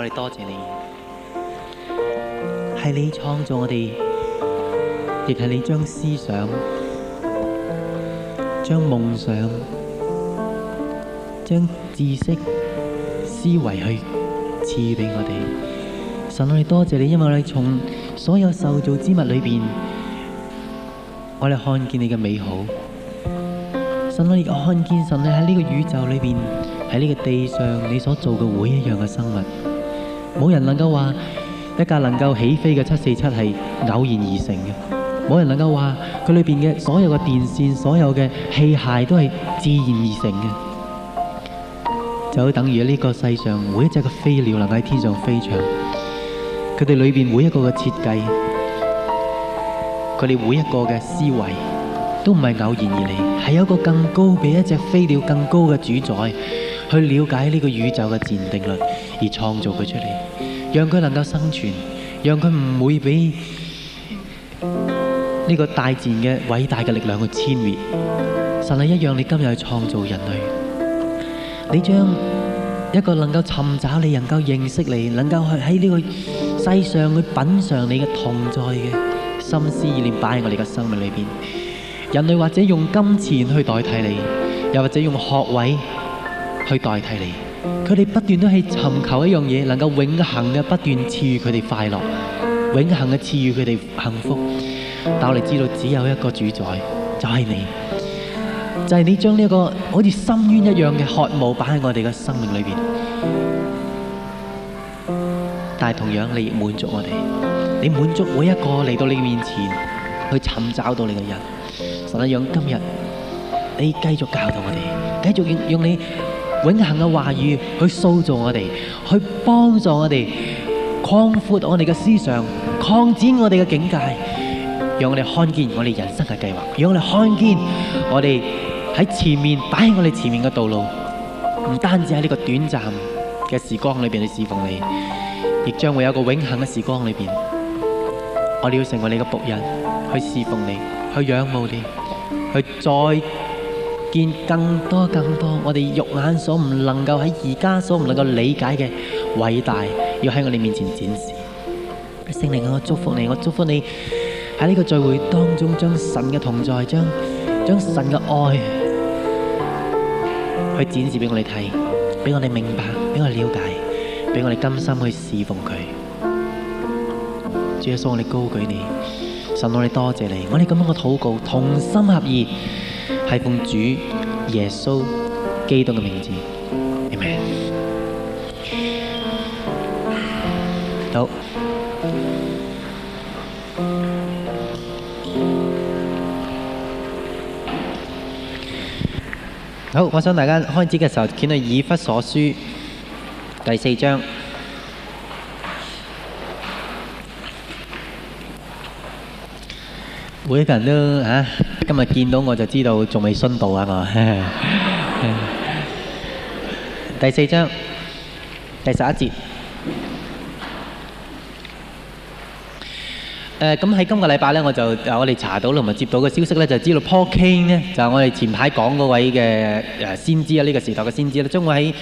我哋多謝你，係你創造我哋，亦係你將思想、將夢想、將知識、思維去賜俾我哋。神，我哋多謝你，因為我哋從所有受造之物裏邊，我哋看見你嘅美好。神，我哋看見神，你喺呢個宇宙裏邊，喺呢個地上你所做嘅每一樣嘅生物。冇人能夠話一架能夠起飛嘅七四七係偶然而成嘅，冇人能夠話佢裏邊嘅所有嘅電線、所有嘅器械都係自然而成嘅，就好等於呢個世上每一隻嘅飛鳥能喺天上飛翔，佢哋裏邊每一個嘅設計，佢哋每一個嘅思維都唔係偶然而嚟，係有一個更高比一隻飛鳥更高嘅主宰去了解呢個宇宙嘅自然定律而創造佢出嚟。讓佢能夠生存，讓佢唔會俾呢個大自然嘅偉大嘅力量去殲滅。神係一樣，你今日去創造人類，你將一個能夠尋找你、能夠認識你、能夠喺呢個世上去品嘗你嘅同在嘅心思意念擺喺我哋嘅生命裏邊。人類或者用金錢去代替你，又或者用學位去代替你。佢哋不斷都係尋求一樣嘢，能夠永恆嘅不斷賜予佢哋快樂，永恆嘅賜予佢哋幸福。但我哋知道，只有一個主宰，就係你，就係你將呢一個好似深淵一樣嘅渴慕擺喺我哋嘅生命裏邊。但係同樣，你亦滿足我哋，你滿足每一個嚟到你面前去尋找到你嘅人。神啊，讓今日你繼續教導我哋，繼續用你永恆嘅話語去塑造我哋，去幫助我哋，擴闊我哋嘅思想，擴展我哋嘅境界，讓我哋看見我哋人生嘅計劃，讓我哋看見我哋喺前面擺喺我哋前面嘅道路，唔單止喺呢個短暫嘅時光裏邊嚟侍奉你，亦將會有個永恆嘅時光裏邊，我哋要成為你嘅僕人去侍奉你，去仰慕你，去再。見更多更多，我哋肉眼所唔能夠喺而家所唔能夠理解嘅偉大，要喺我哋面前展示。聖靈啊，我祝福你，我祝福你喺呢個聚會當中，將神嘅同在，將將神嘅愛去展示俾我哋睇，俾我哋明白，俾我哋了解，俾我哋甘心去侍奉佢。主啊，送我哋高舉你，神我哋多謝你，我哋咁樣嘅禱告，同心合意。係奉主耶穌基督嘅名字，amen。好，好，我想大家開始嘅時候，見到以弗所書第四章。會唔會覺得啊？今日見到我就知道仲未殉道啊嘛第四章第十一節誒，咁喺今個禮拜咧，我就我哋查到同埋接到嘅消息咧，就知道 Paul Cain 咧就係我哋前排講嗰位嘅誒先知啊，呢個時代嘅先知啦。將會喺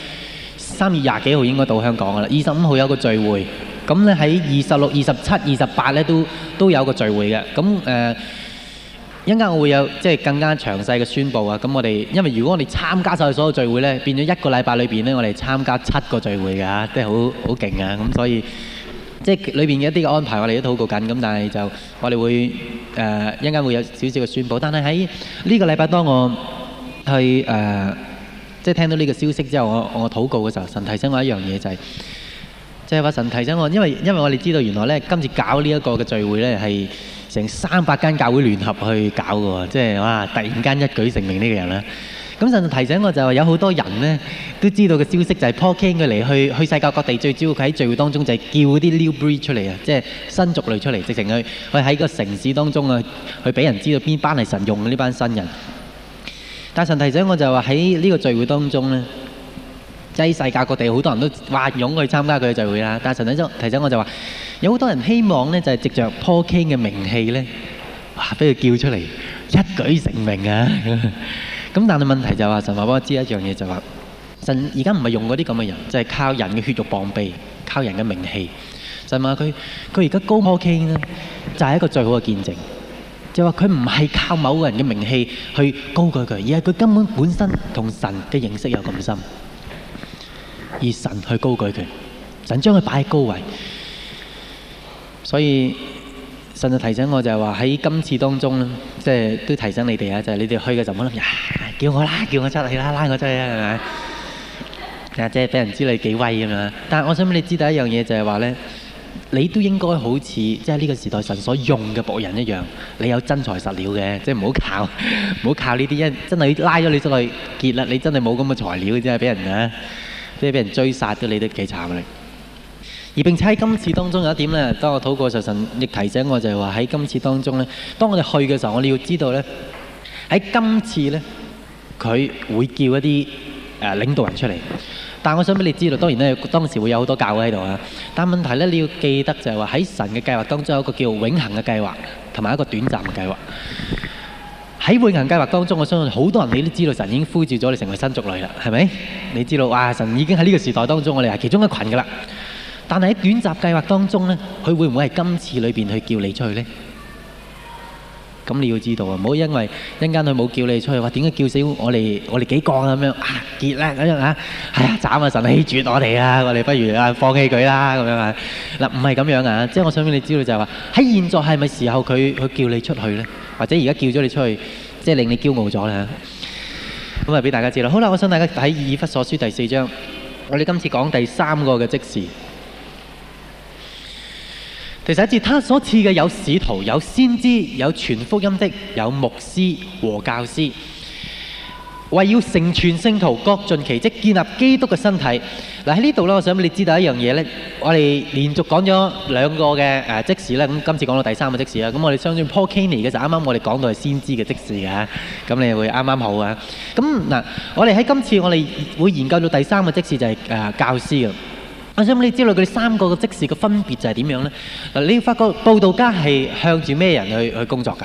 三月廿幾號應該到香港噶啦，二十五號有個聚會，咁咧喺二十六、二十七、二十八咧都都有個聚會嘅。咁誒。一陣間我會有即係更加詳細嘅宣佈啊！咁我哋因為如果我哋參加晒所有聚會呢，變咗一個禮拜裏邊呢，我哋參加七個聚會㗎，即係好好勁啊！咁所以即係裏邊一啲嘅安排，我哋都禱告緊。咁但係就我哋會誒一陣間會有少少嘅宣佈。但係喺呢個禮拜，當我去誒即係聽到呢個消息之後，我我禱告嘅時候，神提醒我一樣嘢就係即係話神提醒我，因為因為我哋知道原來呢，今次搞呢一個嘅聚會呢係。成三百間教會聯合去搞嘅喎，即係哇！突然間一舉成名呢個人啦。咁神就提醒我就話有好多人呢都知道嘅消息，就係 Paul Cain 佢嚟去去世界各地，最主要佢喺聚會當中就係叫啲 new breed 出嚟啊，即係新族類出嚟，直情去去喺個城市當中啊，去俾人知道邊班係神用嘅呢班新人。但神提醒我就話喺呢個聚會當中呢，即係世界各地好多人都湧去參加佢嘅聚會啦。但神提醒我就話。有好多人希望咧，就係、是、藉着 Paul King 嘅名氣咧，哇，俾佢叫出嚟，一舉成名啊！咁 但係問題就話、是、神話俾我知一樣嘢就話、是、神而家唔係用嗰啲咁嘅人，就係、是、靠人嘅血肉膀臂，靠人嘅名氣。神話佢佢而家高 Paul King 咧，就係、是、一個最好嘅見證，就話佢唔係靠某個人嘅名氣去高舉佢，而係佢根本本身同神嘅認識有咁深，而神去高舉佢，神將佢擺喺高位。所以神就提醒我就是說，就係話喺今次當中即係都提醒你哋啊，就係、是、你哋去嘅就唔好諗呀，叫我啦，叫我出嚟啦，拉我出去啦，係咪？啊、就是，即係俾人知你幾威咁樣。但係我想俾你知道一樣嘢，就係話咧，你都應該好似即係呢個時代神所用嘅僕人一樣，你有真材實料嘅，即係唔好靠，唔 好靠呢啲一真係拉咗你出去結啦，你真係冇咁嘅材料即係，俾人啊，即係俾人追殺咗，你都幾慘嘅。而並且喺今次當中有一點咧，當我禱告時神亦提醒我就係話喺今次當中咧，當我哋去嘅時候，我哋要知道咧喺今次咧，佢會叫一啲誒領導人出嚟。但我想俾你知道，當然咧當時會有好多教喺度啊。但係問題咧，你要記得就係話喺神嘅計劃當中有一個叫永恆嘅計劃，同埋一個短暫嘅計劃。喺永恆計劃當中，我相信好多人你都知道，神已經呼召咗你成為新族類啦，係咪？你知道哇，神已經喺呢個時代當中，我哋係其中一群噶啦。但係喺短暫計劃當中呢，佢會唔會係今次裏邊去叫你出去呢？咁你要知道啊，唔好因為一陣間佢冇叫你出去，話點解叫死我哋我哋幾個啊，咁樣啊結啦咁樣啊，係啊斬下神氣絕我哋啊，我哋不如啊放棄佢啦咁樣啊。嗱，唔係咁樣啊，即係我想俾你知道就係話喺現在係咪時候佢佢叫你出去呢？或者而家叫咗你出去，即係令你驕傲咗啦？咁啊俾大家知啦。好啦，我想大家睇《以弗所書》第四章，我哋今次講第三個嘅職事。其實自他所賜嘅，有使徒、有先知、有傳福音的、有牧師和教師，為要成全聖徒，各盡其職，建立基督嘅身體。嗱，喺呢度咧，我想你知道一樣嘢呢。我哋連續講咗兩個嘅誒、呃、職事咧，咁今次講到第三個職事啦。咁我哋相信 Paul Kany 嘅就啱啱我哋講到係先知嘅職事嘅，咁你會啱啱好啊。咁嗱，我哋喺今次我哋會研究到第三個職事就係、是、誒、呃、教師嘅。我想咁，你知道佢哋三個嘅職事嘅分別就係點樣咧？嗱，你要發覺佈道家係向住咩人去去工作㗎？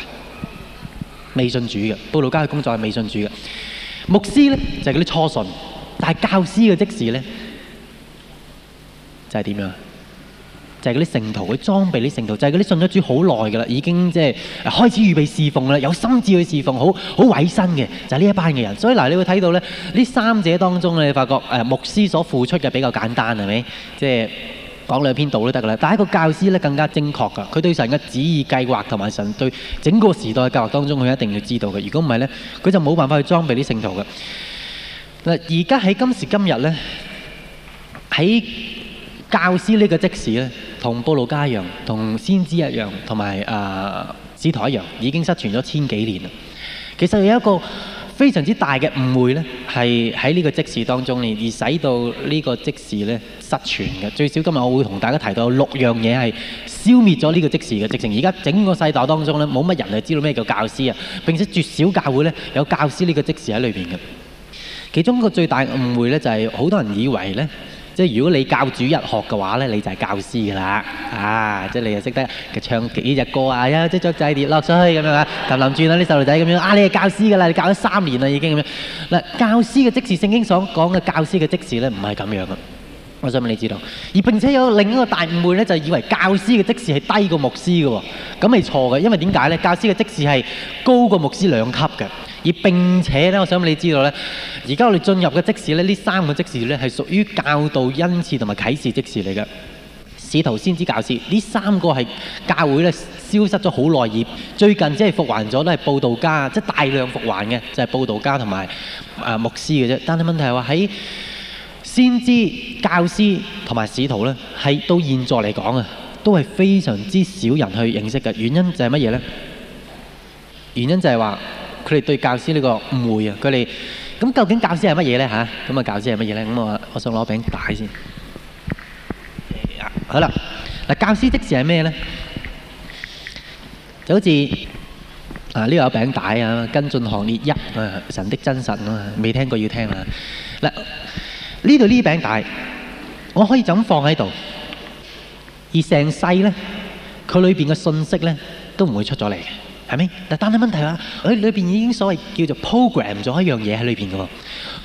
未信主嘅佈道家嘅工作係未信主嘅，牧師咧就係嗰啲初信，但係教師嘅職事咧就係點樣？就係嗰啲聖徒，佢裝備啲聖徒，就係嗰啲信咗主好耐㗎喇，已經即係開始預備侍奉啦，有心志去侍奉，好好委身嘅就係、是、呢一班嘅人。所以嗱，你會睇到咧，呢三者當中咧，你發覺誒牧師所付出嘅比較簡單係咪？即係講兩篇道都得㗎喇。但係個教師咧更加精確㗎，佢對神嘅旨意計劃同埋神對整個時代嘅教誨當中，佢一定要知道嘅。如果唔係咧，佢就冇辦法去裝備啲聖徒嘅。而家喺今時今日咧，喺教師呢個職事咧。同佈道家一樣，同先知一樣，同埋啊使徒一樣，已經失傳咗千幾年啦。其實有一個非常之大嘅誤會呢係喺呢個職事當中咧，而使到呢個職事咧失傳嘅。最少今日我會同大家提到六樣嘢係消滅咗呢個職事嘅，直情而家整個世代當中呢冇乜人係知道咩叫教師啊，並且絕少教會呢有教師呢個職事喺裏邊嘅。其中一個最大誤會呢，就係好多人以為呢。即係如果你教主日學嘅話咧，你就係教師㗎啦啊！即係你又識得唱幾隻歌啊！呀，即係雀仔跌落水咁樣啊，氹氹轉啊啲細路仔咁樣啊，你係教師嘅啦，你教咗三年啦已經咁樣嗱。教師嘅職事，聖經所講嘅教師嘅職事咧，唔係咁樣嘅。我想問你知道，而並且有另一個大誤會咧，就以為教師嘅職事係低過牧師嘅喎。咁係錯嘅，因為點解咧？教師嘅職事係高過牧師兩級嘅。而並且咧，我想你知道咧，而家我哋進入嘅職事咧，呢三個職事咧係屬於教導恩賜同埋啟示職事嚟嘅。使徒先知教師，呢三個係教會咧消失咗好耐，而最近即係復還咗都係佈道家，即係大量復還嘅就係佈道家同埋啊牧師嘅啫。但係問題係話喺先知教師同埋使徒咧，喺到現在嚟講啊，都係非常之少人去認識嘅。原因就係乜嘢咧？原因就係話。佢哋對教師呢個誤會啊！佢哋咁究竟教師係乜嘢咧？嚇、啊、咁啊，啊！教師係乜嘢咧？咁啊！我想攞餅帶先。好啦，嗱，教師即係係咩咧？就好似啊，呢個餅帶啊，跟進行列一啊，神的真實啊，未聽過要聽啊！嗱、啊，呢度呢餅帶，我可以就咁放喺度，而成世咧，佢裏邊嘅信息咧，都唔會出咗嚟。係咪？但係問題啊，佢裏邊已經所謂叫做 program 咗一樣嘢喺裏邊嘅喎，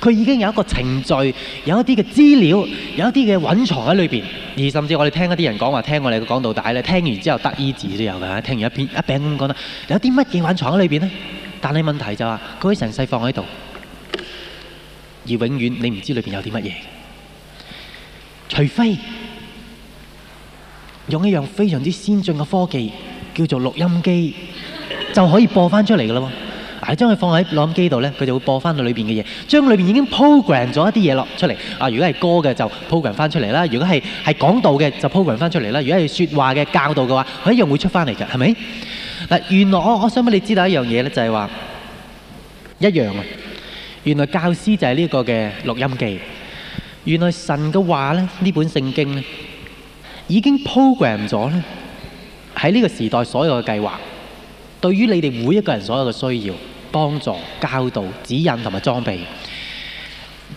佢已經有一個程序，有一啲嘅資料，有一啲嘅蘊藏喺裏邊。而甚至我哋聽一啲人講話，聽我哋嘅講道帶咧，聽完之後得醫治都有嘅。聽完一篇一餅咁講得，有啲乜嘢蘊藏喺裏邊呢？但係問題就係話，佢成世放喺度，而永遠你唔知裏邊有啲乜嘢，除非用一樣非常之先進嘅科技叫做錄音機。就可以播翻出嚟噶啦，嗱，將佢放喺錄音機度咧，佢就會播翻到裏邊嘅嘢，將裏邊已經 program 咗一啲嘢落出嚟。啊，如果係歌嘅就 program 翻出嚟啦，如果係係講道嘅就 program 翻出嚟啦，如果係說話嘅教導嘅話，佢一樣會出翻嚟嘅，係咪？嗱，原來我我想俾你知道一,一樣嘢咧，就係話一樣啊。原來教師就係呢個嘅錄音機，原來神嘅話咧，呢本聖經咧已經 program 咗咧喺呢個時代所有嘅計劃。對於你哋每一個人所有嘅需要，幫助、教導、指引同埋裝備，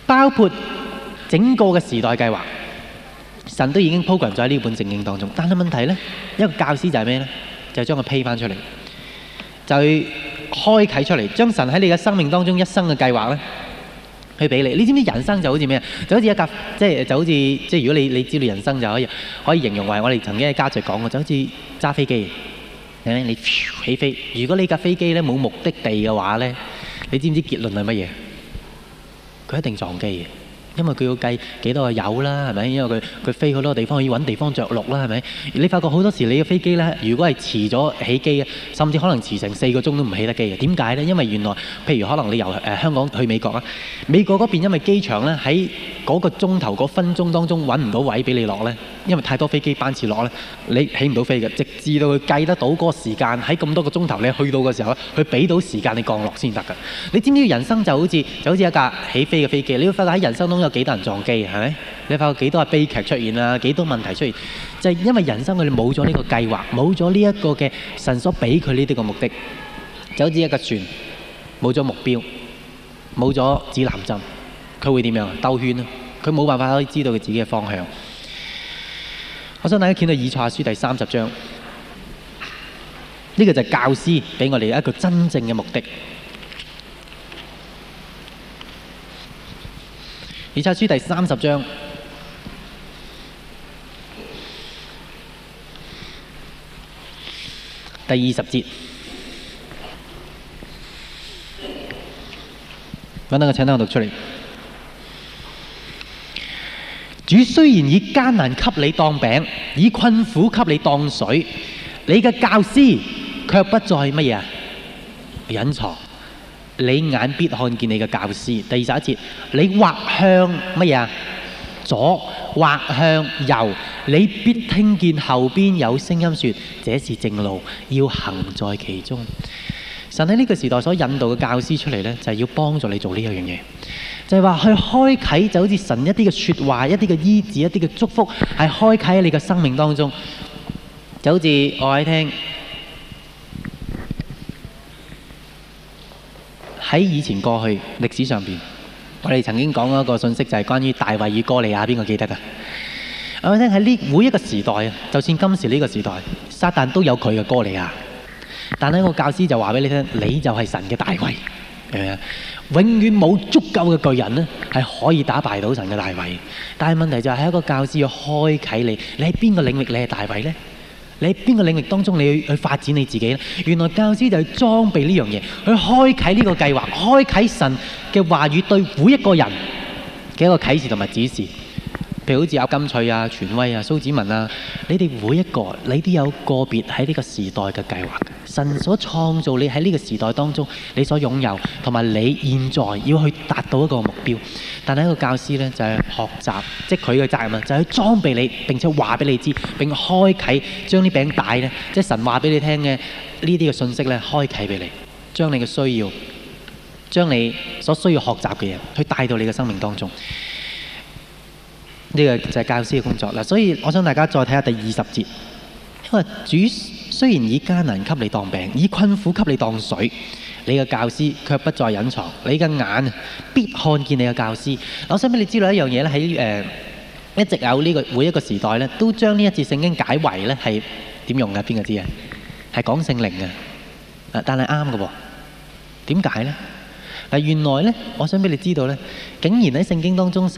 包括整個嘅時代計劃，神都已經鋪咗喺呢本聖經當中。但係問題呢，一個教師就係咩呢？就將佢批翻出嚟，就去開啓出嚟，將神喺你嘅生命當中一生嘅計劃呢，去俾你。你知唔知道人生就好似咩？就好似一架，即係就好似即係如果你你知道人生就可以可以形容為我哋曾經嘅家聚講過，就好似揸飛機。你起飛，如果你架飛機咧冇目的地嘅話咧，你知唔知道結論係乜嘢？佢一定撞機嘅。因為佢要計幾多個油啦，係咪？因為佢佢飛好多地方，可以揾地方着陸啦，係咪？你發覺好多時你嘅飛機呢，如果係遲咗起機，甚至可能遲成四個鐘都唔起得機嘅。點解呢？因為原來譬如可能你由誒、呃、香港去美國啊，美國嗰邊因為機場呢，喺嗰個鐘頭、嗰、嗰、分鐘當中揾唔到位俾你落呢，因為太多飛機班次落呢，你起唔到飛嘅。直至到佢計得到嗰個時間，喺咁多個鐘頭你去到嘅時候，佢俾到時間你降落先得㗎。你知唔知道人生就好似就好似一架起飛嘅飛機，你要發覺喺人生當中。有幾多人撞機，係咪？你發覺幾多係悲劇出現啊，幾多問題出現？就係因為人生佢哋冇咗呢個計劃，冇咗呢一個嘅神所俾佢呢啲嘅目的，就好似一個船，冇咗目標，冇咗指南針，佢會點樣啊？兜圈啊！佢冇辦法可以知道佢自己嘅方向。我想大家見到以賽亞書第三十章，呢個就係教師俾我哋一個真正嘅目的。以賽亞書第三十章第二十節，揾那個冊呢？我讀出嚟。主雖然以艱難給你當餅，以困苦給你當水，你嘅教師卻不再乜嘢啊？隱藏。你眼必看見你嘅教師。第二十一節，你畫向乜嘢？左畫向右，你必聽見後邊有聲音說：這是正路，要行在其中。神喺呢個時代所引導嘅教師出嚟呢，就係、是、要幫助你做呢一樣嘢，就係、是、話去開啓，就好似神一啲嘅説話、一啲嘅醫治、一啲嘅祝福，係開啓喺你嘅生命當中。就好似我喺聽。喺以前過去歷史上邊，我哋曾經講過一個信息就係關於大衛與哥利亞，邊個記得啊？我哋聽喺呢每一個時代，就算今時呢個時代，撒旦都有佢嘅哥利亞。但係個教師就話俾你聽，你就係神嘅大衛，係唔係永遠冇足夠嘅巨人咧，係可以打敗到神嘅大衛。但係問題就係一個教師要開啓你，你喺邊個領域你係大衛呢？你喺邊個領域當中，你要去發展你自己呢？原來教師就係裝備呢樣嘢，去開啟呢個計劃，開啟神嘅話語對每一個人嘅一個啟示同埋指示。佢好似阿金翠啊、全威啊、蘇子文啊，你哋每一個，你都有個別喺呢個時代嘅計劃。神所創造你喺呢個時代當中，你所擁有同埋你現在要去達到一個目標。但係一個教師咧，就係、是、學習，即係佢嘅責任就係裝備你，並且話俾你知，並開啟將啲餅帶咧，即係、就是、神話俾你聽嘅呢啲嘅信息咧，開啟俾你，將你嘅需要，將你所需要學習嘅嘢，去帶到你嘅生命當中。呢、這個就係教師嘅工作啦，所以我想大家再睇下第二十節，因為主雖然以艱難給你當餅，以困苦給你當水，你嘅教師卻不再隱藏，你嘅眼必看見你嘅教師。我想畀你知道一樣嘢咧，喺誒、呃、一直有呢、這個每一個時代咧，都將呢一節聖經解為咧係點用嘅？邊個知啊？係講聖靈嘅，但係啱嘅噃。點解呢？但原來呢，我想俾你知道呢，竟然喺聖經當中，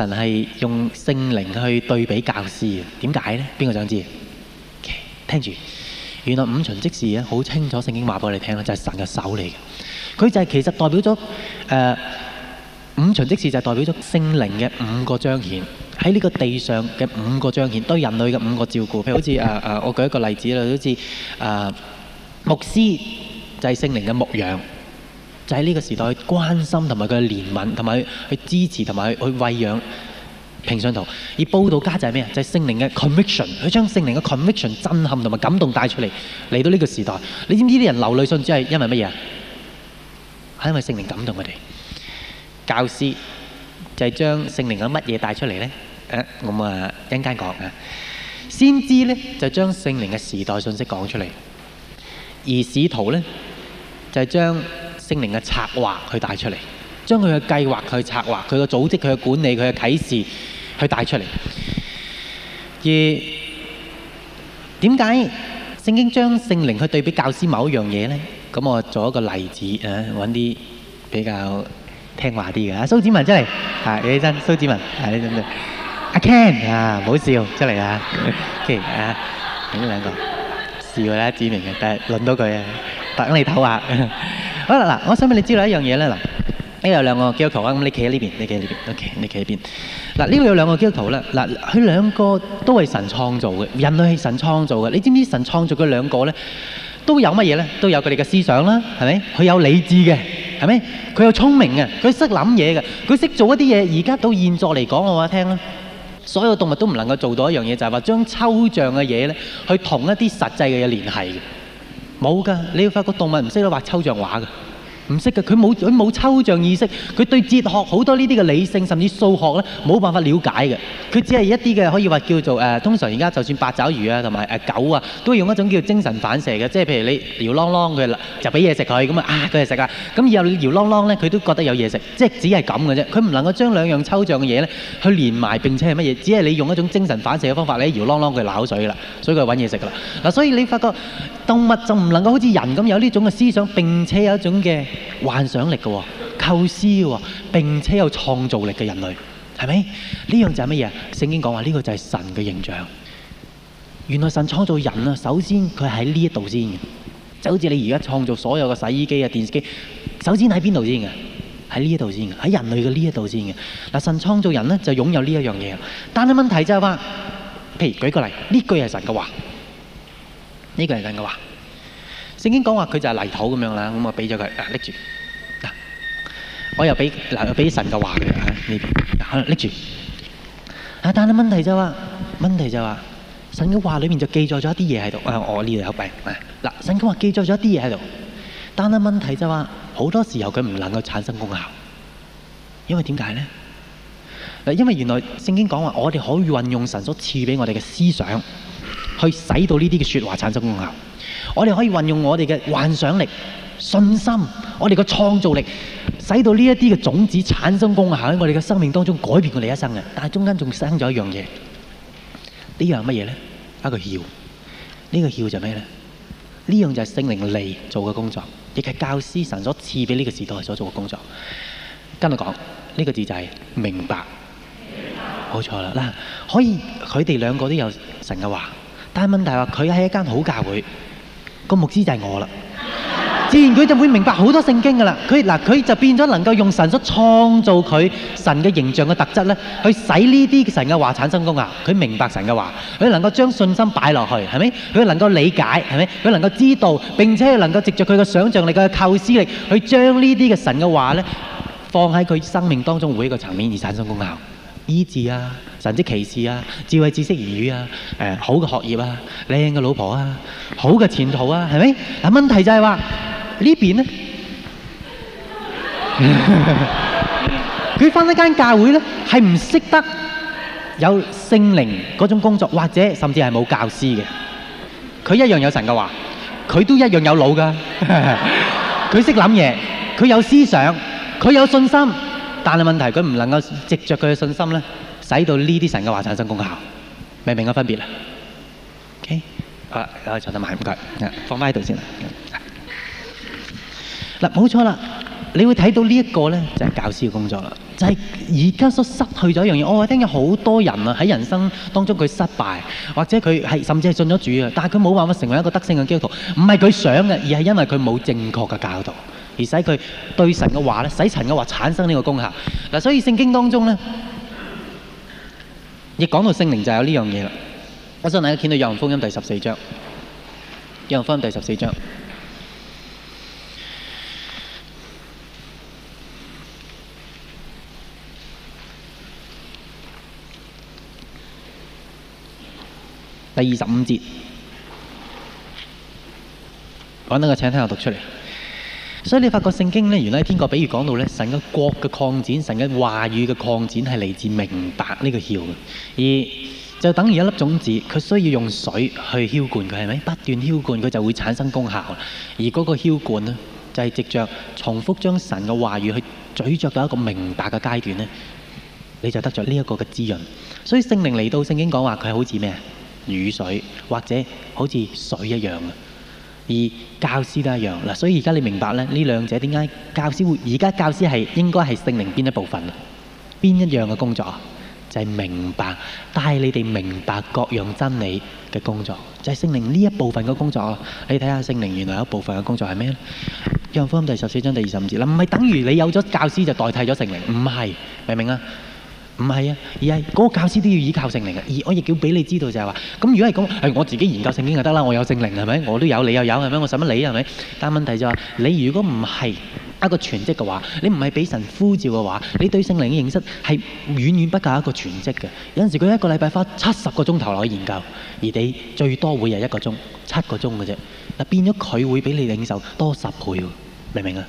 就喺、是、呢個時代去關心同埋佢嘅憐憫，同埋去支持同埋去喂餵養平信徒，而佈道家就係咩啊？就係、是、聖靈嘅 conviction，佢將聖靈嘅 conviction 震撼同埋感動帶出嚟嚟到呢個時代。你知唔知啲人流淚信只係因為乜嘢啊？係因為聖靈感動佢哋。教師就係將聖靈嘅乜嘢帶出嚟咧？誒、啊，我冇啊！一陣間講啊，先知咧就將、是、聖靈嘅時代信息講出嚟，而使徒咧就係將。聖靈嘅策劃去帶出嚟，將佢嘅計劃去策劃，佢嘅組織，佢嘅管理，佢嘅啟示去帶出嚟。而點解聖經將聖靈去對比教師某一樣嘢咧？咁我做一個例子啊，揾啲比較聽話啲嘅啊，蘇子文出嚟，啊，起身，蘇子文，啊，呢張嘅，阿 Ken 啊，唔好笑，出嚟啊，OK 啊，呢兩個笑啦，子明嘅，但係輪到佢啊，等你唞下啊！好啦，嗱，我想俾你知道一樣嘢咧，嗱，呢度有兩個基督徒啊，咁你企喺呢邊，你企喺呢邊，O.K.，你企喺邊。嗱，呢度有兩個基督徒咧，嗱，佢兩個都係神創造嘅，人類係神創造嘅。你知唔知神創造嘅兩個咧都有乜嘢咧？都有佢哋嘅思想啦，係咪？佢有理智嘅，係咪？佢有聰明嘅，佢識諗嘢嘅，佢識做一啲嘢。而家到現在嚟講嘅話，聽啦，所有動物都唔能夠做到一樣嘢，就係話將抽象嘅嘢咧，去同一啲實際嘅嘢聯繫。冇噶，你要發覺動物唔識得畫抽象畫嘅。唔識嘅，佢冇佢冇抽象意識，佢對哲學好多呢啲嘅理性，甚至數學咧，冇辦法了解嘅。佢只係一啲嘅可以話叫做誒、呃，通常而家就算八爪魚啊同埋誒狗啊，都用一種叫精神反射嘅，即係譬如你搖啷啷佢，就俾嘢食佢，咁啊啊佢就食啊。咁然後你搖啷啷咧，佢都覺得有嘢食，即係只係咁嘅啫。佢唔能夠將兩樣抽象嘅嘢咧去連埋，並且係乜嘢？只係你用一種精神反射嘅方法，你搖啷啷佢攪水噶啦，所以佢搵嘢食噶啦。嗱、呃，所以你發覺動物就唔能夠好似人咁有呢種嘅思想，並且有一種嘅，幻想力嘅，構思嘅，並且有創造力嘅人類，係咪？呢樣就係乜嘢啊？聖經講話呢個就係神嘅形象。原來神創造人啊，首先佢喺呢一度先嘅，就好似你而家創造所有嘅洗衣機啊、電視機，首先喺邊度先嘅？喺呢一度先嘅，喺人類嘅呢一度先嘅。嗱，神創造人呢，就擁有呢一樣嘢，但係問題就係話，譬如舉個例，呢句係神嘅話，呢句係神嘅話。聖經講話佢就係泥土咁樣啦，咁我俾咗佢啊，拎住，嗱我又俾嗱俾神嘅話嘅吓呢邊啊拎住，啊但係問題就話、是，問題就話、是、神嘅話裏面就記載咗一啲嘢喺度，啊我呢度有病。嗱神嘅話記載咗一啲嘢喺度，但係問題就話、是、好多時候佢唔能夠產生功效，因為點解咧？因為原來聖經講話我哋可以運用神所賜俾我哋嘅思想，去使到呢啲嘅說話產生功效。我哋可以運用我哋嘅幻想力、信心，我哋嘅創造力，使到呢一啲嘅種子產生功效，喺我哋嘅生命當中改變我哋一生嘅。但係中間仲生咗一樣嘢，呢樣係乜嘢咧？一個謠。這個、是什麼呢、這個謠就咩咧？呢樣就係聖靈嚟做嘅工作，亦係教師神所賜俾呢個時代所做嘅工作。跟住講，呢、這個字就係明白。冇錯啦。嗱，可以佢哋兩個都有神嘅話，但係問題係話佢喺一間好教會。個牧師就係我啦，自然佢就會明白好多聖經噶啦，佢，嗱佢就變咗能夠用神所創造佢神嘅形象嘅特質咧，去使呢啲神嘅話產生功效。佢明白神嘅話，佢能夠將信心擺落去，係咪？佢能夠理解，係咪？佢能夠知道，並且能夠藉著佢嘅想像力嘅構思力，去將呢啲嘅神嘅話咧，放喺佢生命當中每一個層面而產生功效，醫治啊！神蹟奇事啊，智慧知識言語啊，誒好嘅學業啊，靚嘅老婆啊，好嘅前途啊，係咪？啊問題就係話呢邊咧，佢返一間教會咧，係唔識得有聖靈嗰種工作，或者甚至係冇教師嘅。佢一樣有神嘅話，佢都一樣有腦㗎，佢識諗嘢，佢有思想，佢有信心，但係問題佢唔能夠藉著佢嘅信心咧。使到呢啲神嘅話產生功效，明唔明個分別啊？OK，好啦，我再坐得埋唔該，放翻喺度先啦。嗱，冇錯啦，你會睇到呢一個咧，就係教師嘅工作啦。就係而家所失去咗一樣嘢。我聽有好多人啊，喺人生當中佢失敗，或者佢係甚至係信咗主啊，但係佢冇辦法成為一個得勝嘅基督徒，唔係佢想嘅，而係因為佢冇正確嘅教導，而使佢對神嘅話咧，使神嘅話產生呢個功效嗱。所以聖經當中咧。你講到聖靈就係有呢樣嘢啦，我希望大家見到《約翰福音》第十四章，《約翰福音》第十四章第二十五節，講到個，請聽我讀出嚟。所以你發覺聖經呢，原來喺天國，比如講到呢，神嘅國嘅擴展，神嘅話語嘅擴展係嚟自，明白呢個竅嘅，而就等於一粒種子，佢需要用水去澆灌佢，係咪不斷澆灌佢就會產生功效？而嗰個澆灌呢，就係、是、藉着重複將神嘅話語去咀嚼到一個明白嘅階段呢，你就得咗呢一個嘅滋潤。所以聖靈嚟到聖經講話，佢好似咩？雨水，或者好似水一樣啊！而教師都一樣嗱，所以而家你明白咧？呢兩者點解教師會而家教師係應該係聖靈邊一部分？邊一樣嘅工作就係、是、明白帶你哋明白各樣真理嘅工作，就係聖靈呢一部分嘅工作啊！你睇下聖靈原來有一部分嘅工作係咩咧？約翰福音第十四章第二十五節嗱，唔係等於你有咗教師就代替咗聖靈，唔係明唔明啊？唔係啊，而係嗰、那個教師都要依靠聖靈啊。而我亦叫俾你知道就係、是、話，咁如果係咁，係、哎、我自己研究聖經就得啦。我有聖靈係咪？我都有，你又有係咪？我使乜理係咪？但係問題就係、是、你如果唔係一個全職嘅話，你唔係俾神呼召嘅話，你對聖靈嘅認識係遠遠不夠一個全職嘅。有陣時佢一個禮拜花七十個鐘頭落去研究，而你最多會係一個鐘、七個鐘嘅啫。嗱，變咗佢會俾你領受多十倍喎，明唔明啊？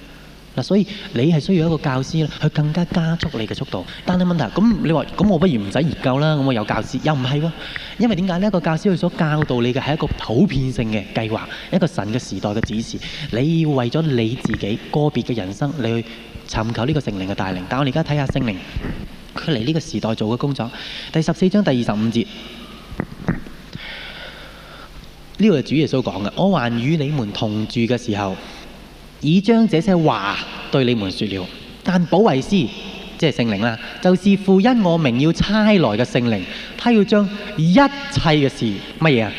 嗱，所以你係需要一個教師咧，去更加加速你嘅速度。但係問題咁，你話咁，我不如唔使研究啦。咁我有教師，又唔係喎。因為點解呢？一個教師佢所教導你嘅係一個普遍性嘅計劃，一個神嘅時代嘅指示。你要為咗你自己個別嘅人生，你去尋求呢個聖靈嘅帶領。但我哋而家睇下聖靈，佢嚟呢個時代做嘅工作。第十四章第二十五節，呢個係主耶穌講嘅：我還與你們同住嘅時候，已將這些話對你們說了，但保惠師，即係聖靈啦，就是父因我名要差來嘅聖靈，他要將一切嘅事乜嘢啊，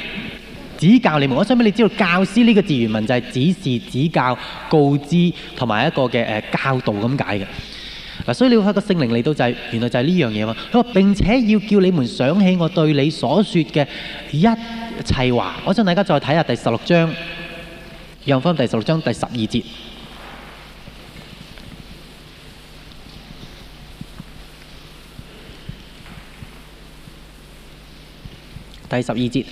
指教你們。我想俾你知道，教師呢個字原文就係指示、指教、告知同埋一個嘅誒、呃、教導咁解嘅。嗱，所以你會發覺聖靈嚟到就係、是，原來就係呢樣嘢嘛。佢話並且要叫你們想起我對你所說嘅一切話。我想大家再睇下第十六章。羊方，第十六章第十二節。第十二節，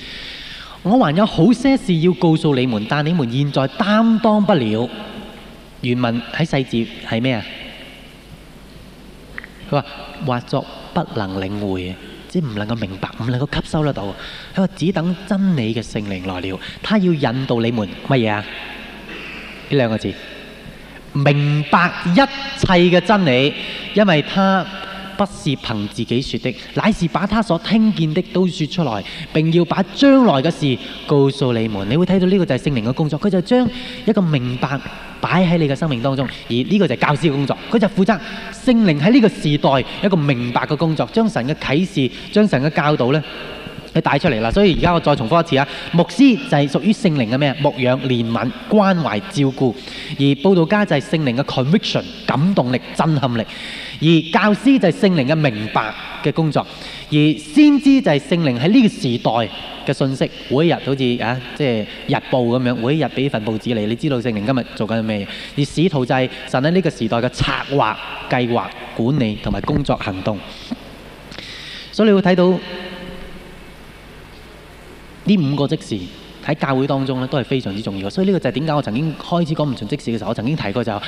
我還有好些事要告訴你們，但你們現在擔當不了。原文喺細節係咩啊？佢話或作不能領會。即唔能夠明白，唔能夠吸收得到。佢話：只等真理嘅聖靈來了，他要引導你們乜嘢啊？呢兩個字，明白一切嘅真理，因為他。不是憑自己說的，乃是把他所聽見的都說出來，並要把將來嘅事告訴你們。你會睇到呢個就係聖靈嘅工作，佢就將一個明白擺喺你嘅生命當中，而呢個就係教師嘅工作，佢就負責聖靈喺呢個時代一個明白嘅工作，將神嘅啟示、將神嘅教導咧。佢帶出嚟啦，所以而家我再重複一次啊！牧師就係屬於聖靈嘅咩？牧養、憐憫、關懷、照顧；而佈道家就係聖靈嘅 conviction 感動力、震撼力；而教師就係聖靈嘅明白嘅工作；而先知就係聖靈喺呢個時代嘅信息，每一日好似啊，即係日報咁樣，每一日俾份報紙你，你知道聖靈今日做緊咩嘢？而使徒就係神喺呢個時代嘅策劃、計劃、管理同埋工作行動。所以你會睇到。呢五個職事喺教會當中咧，都係非常之重要嘅。所以呢個就係點解我曾經開始講唔同職事嘅時候，我曾經提過就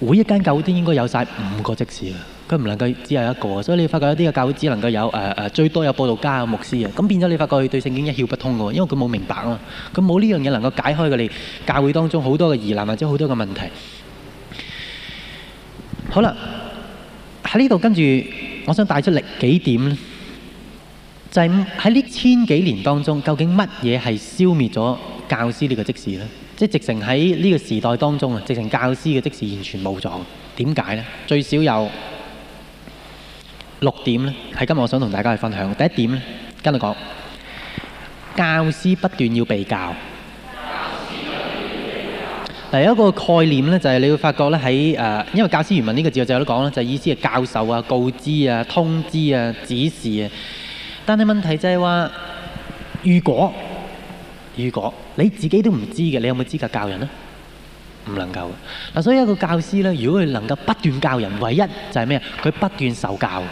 每一間教會都應該有晒五個職事啊。佢唔能夠只有一個，所以你發覺有啲嘅教會只能夠有誒誒、呃、最多有佈道家有牧師啊，咁變咗你發覺佢對聖經一竅不通嘅喎，因為佢冇明白啊嘛，佢冇呢樣嘢能夠解開佢哋教會當中好多嘅疑難或者好多嘅問題。好啦，喺呢度跟住，我想帶出嚟幾點就係喺呢千幾年當中，究竟乜嘢係消滅咗教師呢個職事呢？即係直情喺呢個時代當中啊，直情教師嘅職事完全冇咗。點解呢？最少有六點呢，喺今日我想同大家去分享。第一點呢，跟佢講，教師不斷要被教要。第一個概念呢，就係、是、你會發覺呢，喺誒，因為教師原文呢個字我就有得講啦，就係、是、意思係教授啊、告知啊、通知啊、指示啊。但係問題就係話，如果如果你自己都唔知嘅，你有冇資格教人呢？唔能夠。嗱，所以一個教師呢，如果佢能夠不斷教人，唯一就係咩啊？佢不斷受教。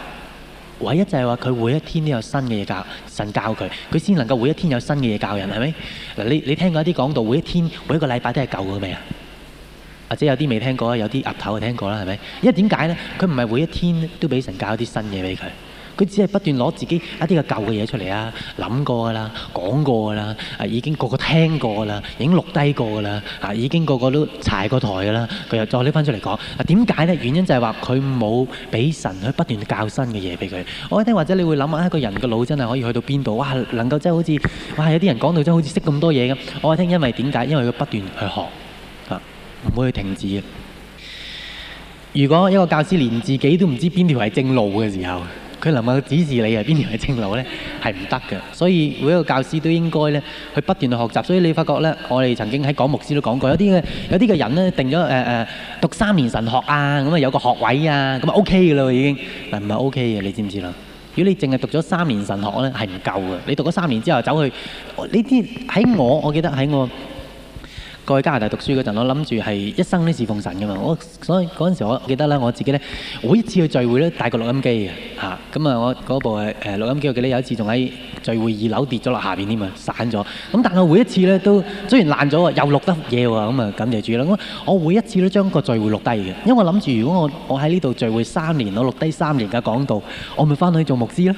唯一就係話佢每一天都有新嘅嘢教神教佢，佢先能夠每一天有新嘅嘢教人，係咪？嗱，你你聽過一啲講道，每一天每一個禮拜都係舊嘅未啊？或者有啲未聽過，有啲岌頭聽過啦，係咪？因為點解呢？佢唔係每一天都俾神教啲新嘢俾佢。佢只係不斷攞自己一啲嘅舊嘅嘢出嚟啊，諗過噶啦，講過噶啦，啊，已經個個聽過啦，已經錄低過噶啦，嚇、啊、已經個個都踩過台噶啦。佢又再拎翻出嚟講，點、啊、解呢？原因就係話佢冇俾神去不斷教新嘅嘢俾佢。我一聽或者你會諗啊，一個人個腦真係可以去到邊度？哇，能夠真係好似哇，有啲人講到真係好似識咁多嘢咁。我一聽因為點解？因為佢不斷去學啊，唔會去停止。如果一個教師連自己都唔知邊條係正路嘅時候，佢能夠指示你係邊條嘅正路咧，係唔得嘅。所以每一個教師都應該咧，去不斷去學習。所以你發覺咧，我哋曾經喺講牧師都講過，有啲嘅有啲嘅人咧，定咗誒誒讀三年神學啊，咁啊有個學位啊，咁啊 OK 嘅啦，已經係唔係 OK 嘅？你知唔知啦？如果你淨係讀咗三年神學咧，係唔夠嘅。你讀咗三年之後走去呢啲喺我，我記得喺我。在加拿大讀書嗰陣，我諗住係一生呢侍奉神嘅嘛。我所以嗰陣時，我記得咧，我自己咧，每一次去聚會咧，帶個錄音機嘅嚇。咁啊，那我嗰部誒誒錄音機，我記得有一次仲喺聚會二樓跌咗落下邊添嘛，散咗。咁但係我每一次咧都，雖然爛咗啊，又錄得嘢喎。咁啊，感謝主啦。我每一次都將個聚會錄低嘅，因為我諗住，如果我我喺呢度聚會三年，我錄低三年嘅講道，我咪翻去做牧師啦。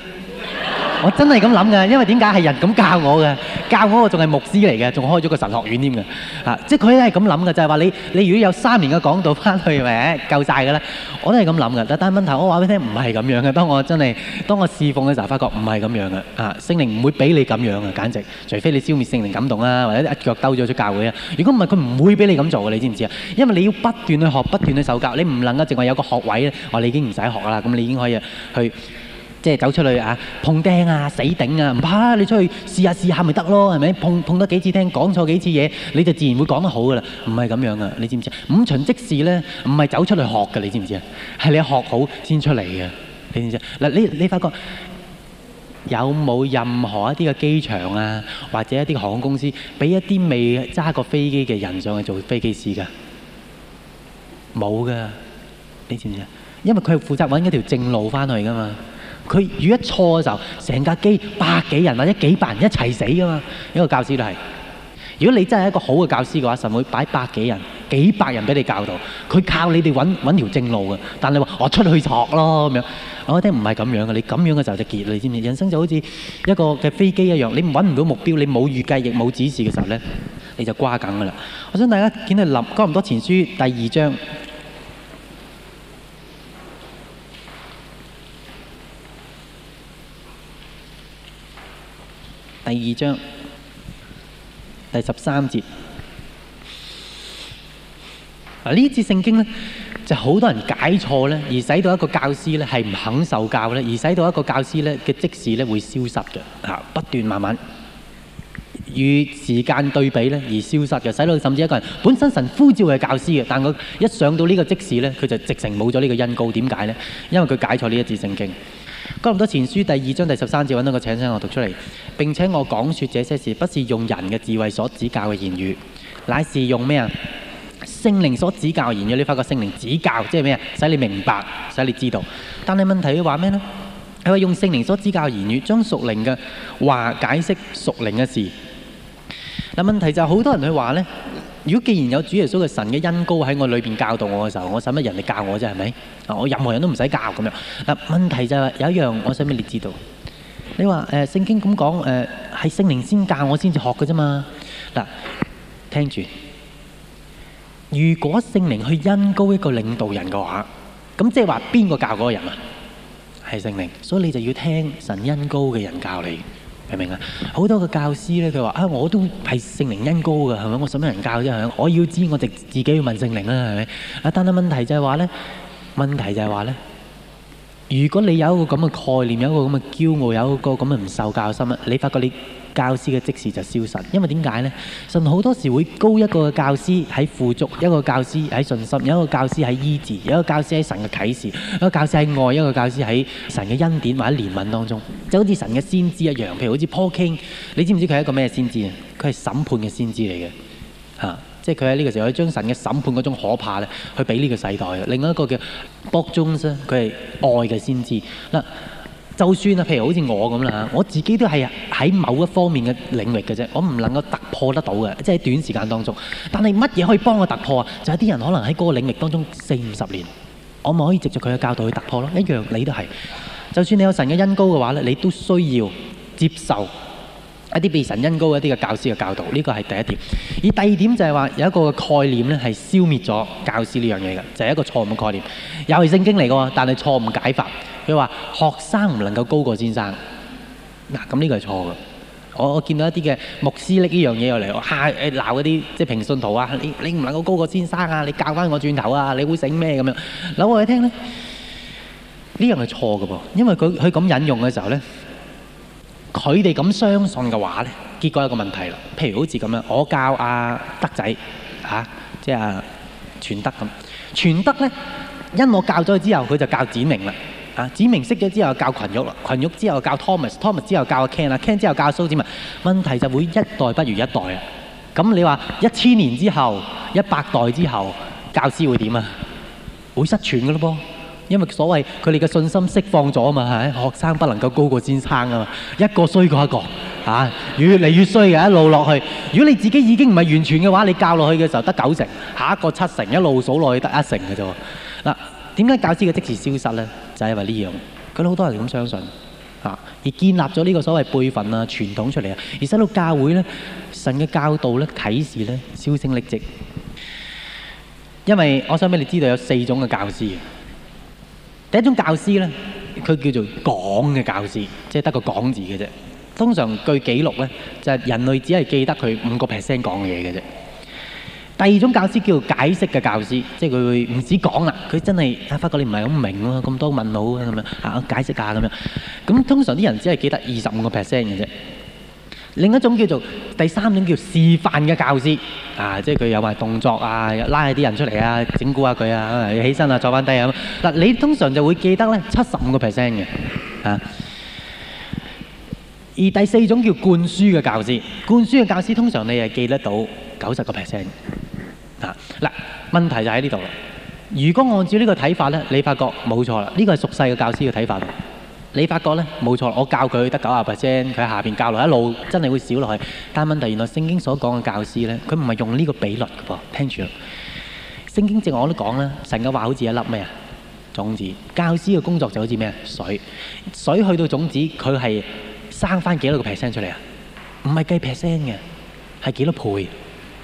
我真係咁諗噶，因為點解係人咁教我嘅？教我我仲係牧師嚟嘅，仲開咗個神學院添嘅。吓，即係佢咧係咁諗嘅，就係話你你如果有三年嘅講道翻去咪夠晒嘅啦。我都係咁諗嘅，但係問題我話俾你聽唔係咁樣嘅。當我真係當我侍奉嘅時候，發覺唔係咁樣嘅。吓，聖靈唔會俾你咁樣嘅，簡直除非你消滅聖靈感動啦，或者一腳兜咗出教會啊。如果唔係，佢唔會俾你咁做嘅，你知唔知啊？因為你要不斷去學，不斷去受教，你唔能夠淨係有個學位，我話你已經唔使學啦，咁你已經可以去，即係走出去啊！碰釘啊、死頂啊，唔怕啦！你出去試下試下咪得咯，係咪？碰碰多幾次釘，講錯幾次嘢，你就自然會講得好噶啦。唔係咁樣噶，你知唔知啊？五旬職事咧，唔係走出去學噶，你知唔知啊？係你學好先出嚟嘅，你知唔知啊？嗱，你你發覺有冇任何一啲嘅機場啊，或者一啲航空公司俾一啲未揸過飛機嘅人上去做飛機師噶？冇噶，你知唔知啊？因為佢係負責揾一條正路翻去噶嘛。佢如一錯嘅時候，成架機百幾人或者幾百人一齊死噶嘛？一個教師都係。如果你真係一個好嘅教師嘅話，甚至會擺百幾人、幾百人俾你教導。佢靠你哋揾揾條正路嘅。但係你話我出去學咯咁樣，我覺得唔係咁樣嘅。你咁樣嘅時候就結，你知唔知？人生就好似一個嘅飛機一樣，你揾唔到目標，你冇預計亦冇指示嘅時候咧，你就瓜緊㗎啦。我想大家見到《哥林多前書》第二章。第二章第十三節啊呢節聖經呢就好多人解錯呢而使到一個教師呢係唔肯受教呢而使到一個教師呢嘅職事呢會消失嘅啊，不斷慢慢與時間對比呢而消失嘅，使到甚至一個人本身神呼召嘅教師嘅，但佢一上到呢個職事呢，佢就直情冇咗呢個恩膏點解呢？因為佢解錯呢一節聖經。《哥林多前書》第二章第十三節，揾到個請聲我讀出嚟，並且我講說，說這些事，不是用人嘅智慧所指教嘅言語，乃是用咩啊？聖靈所指教的言語，你發覺聖靈指教，即係咩啊？使你明白，使你知道。但係問題佢話咩呢？佢話用聖靈所指教的言語，將屬靈嘅話解釋屬靈嘅事。嗱，問題就好多人去話呢。如果既然有主耶穌嘅神嘅恩膏喺我裏面教導我嘅時候，我使乜人哋教我啫？明啊？好多嘅教師咧，佢話啊，我都係聖靈恩膏噶。係咪？我使乜人教啫，係咪？我要知我直自己要問聖靈啦，係咪？啊，但係問題就係話咧，問題就係話咧，如果你有一個咁嘅概念，有一個咁嘅驕傲，有一個咁嘅唔受教心啊，你發覺你。教師嘅即時就消失，因為點解呢？神好多時會高一個教師喺富足，一個教師喺信心，有一個教師喺醫治，有一個教師喺神嘅啟示，有一個教師喺愛，一個教師喺神嘅恩典或者憐憫當中，就好似神嘅先知一樣。譬如好似 Paul King，你知唔知佢係一個咩先知，先知啊？佢係審判嘅先知嚟嘅嚇，即係佢喺呢個時候可以將神嘅審判嗰種可怕咧，去俾呢個世代嘅。另外一個叫 Bookson 佢係愛嘅先知嗱。啊就算啊，譬如好似我咁啦，我自己都係喺某一方面嘅領域嘅啫，我唔能夠突破得到嘅，即係短時間當中。但係乜嘢可以幫我突破啊？就係啲人可能喺嗰個領域當中四五十年，我咪可以藉著佢嘅教導去突破咯。一樣你都係。就算你有神嘅恩膏嘅話咧，你都需要接受一啲被神恩膏一啲嘅教師嘅教導。呢個係第一點。而第二點就係話有一個概念咧係消滅咗教師呢樣嘢嘅，就係一個錯誤概念。又係聖經嚟嘅，但係錯誤解法。佢話學生唔能夠高過先生，嗱，咁呢個係錯嘅。我我見到一啲嘅牧師拎呢樣嘢又嚟，嚇誒鬧嗰啲即係評信徒啊！你你唔能夠高過先生啊！你教翻我轉頭啊！你會醒咩咁樣？嗱我哋聽咧，呢樣係錯嘅噃，因為佢佢咁引用嘅時候咧，佢哋咁相信嘅話咧，結果有一個問題啦。譬如好似咁樣，我教阿、啊、德仔啊，即係啊傳德咁，傳德咧因我教咗佢之後，佢就教子明啦。啊！子明識咗之後教群玉，群玉之後教 Thomas，Thomas Thomas 之後教 Ken 啦、uh，Ken 之後教 o 子文。問題就會一代不如一代啊！咁你話一千年之後、一百代之後，教師會點啊？會失傳噶咯噃，因為所謂佢哋嘅信心釋放咗啊嘛，學生不能夠高過先生啊嘛，一個衰過一個，嚇、啊、越嚟越衰嘅一路落去。如果你自己已經唔係完全嘅話，你教落去嘅時候得九成，下一個七成，一路數落去得一成嘅啫喎。嗱、啊。點解教師嘅即時消失呢？就係因為呢樣，佢好多人咁相信，吓，而建立咗呢個所謂輩份啊、傳統出嚟啊,而使到教會呢、神嘅教導呢、啟示呢、銷聲匿跡。因為我想俾你知道有四種嘅教師。第一種教師呢，佢叫做講嘅教師，即係得個講字嘅啫。通常據記錄呢，就係人類只係記得佢五個 percent 講嘅嘢嘅啫。第二種教師叫做解釋嘅教師，即係佢會唔止講啦，佢真係發覺你唔係好明咯，咁多問號啊，解釋下咁樣。咁通常啲人只係記得二十五個 percent 嘅啫。另一種叫做第三種叫示範嘅教師，即係佢有埋動作啊，拉下啲人出嚟啊，整蠱下佢啊，起身啊，坐翻低啊。嗱，你通常就會記得咧七十五個 percent 嘅啊。而第四種叫灌輸嘅教師，灌輸嘅教師通常你係記得到。九十個 percent 啊！嗱，問題就喺呢度啦。如果按照個呢個睇法咧，你發覺冇錯啦，呢個係俗世嘅教師嘅睇法。你發覺咧冇錯，我教佢得九十 percent，佢喺下邊教落一路，真係會少落去。但係問題，原來聖經所講嘅教師咧，佢唔係用呢個比率嘅噃。聽住啦，聖經正我都講啦，神嘅話好似一粒咩啊？種子，教師嘅工作就好似咩啊？水，水去到種子，佢係生翻幾多個 percent 出嚟啊？唔係計 percent 嘅，係幾多倍？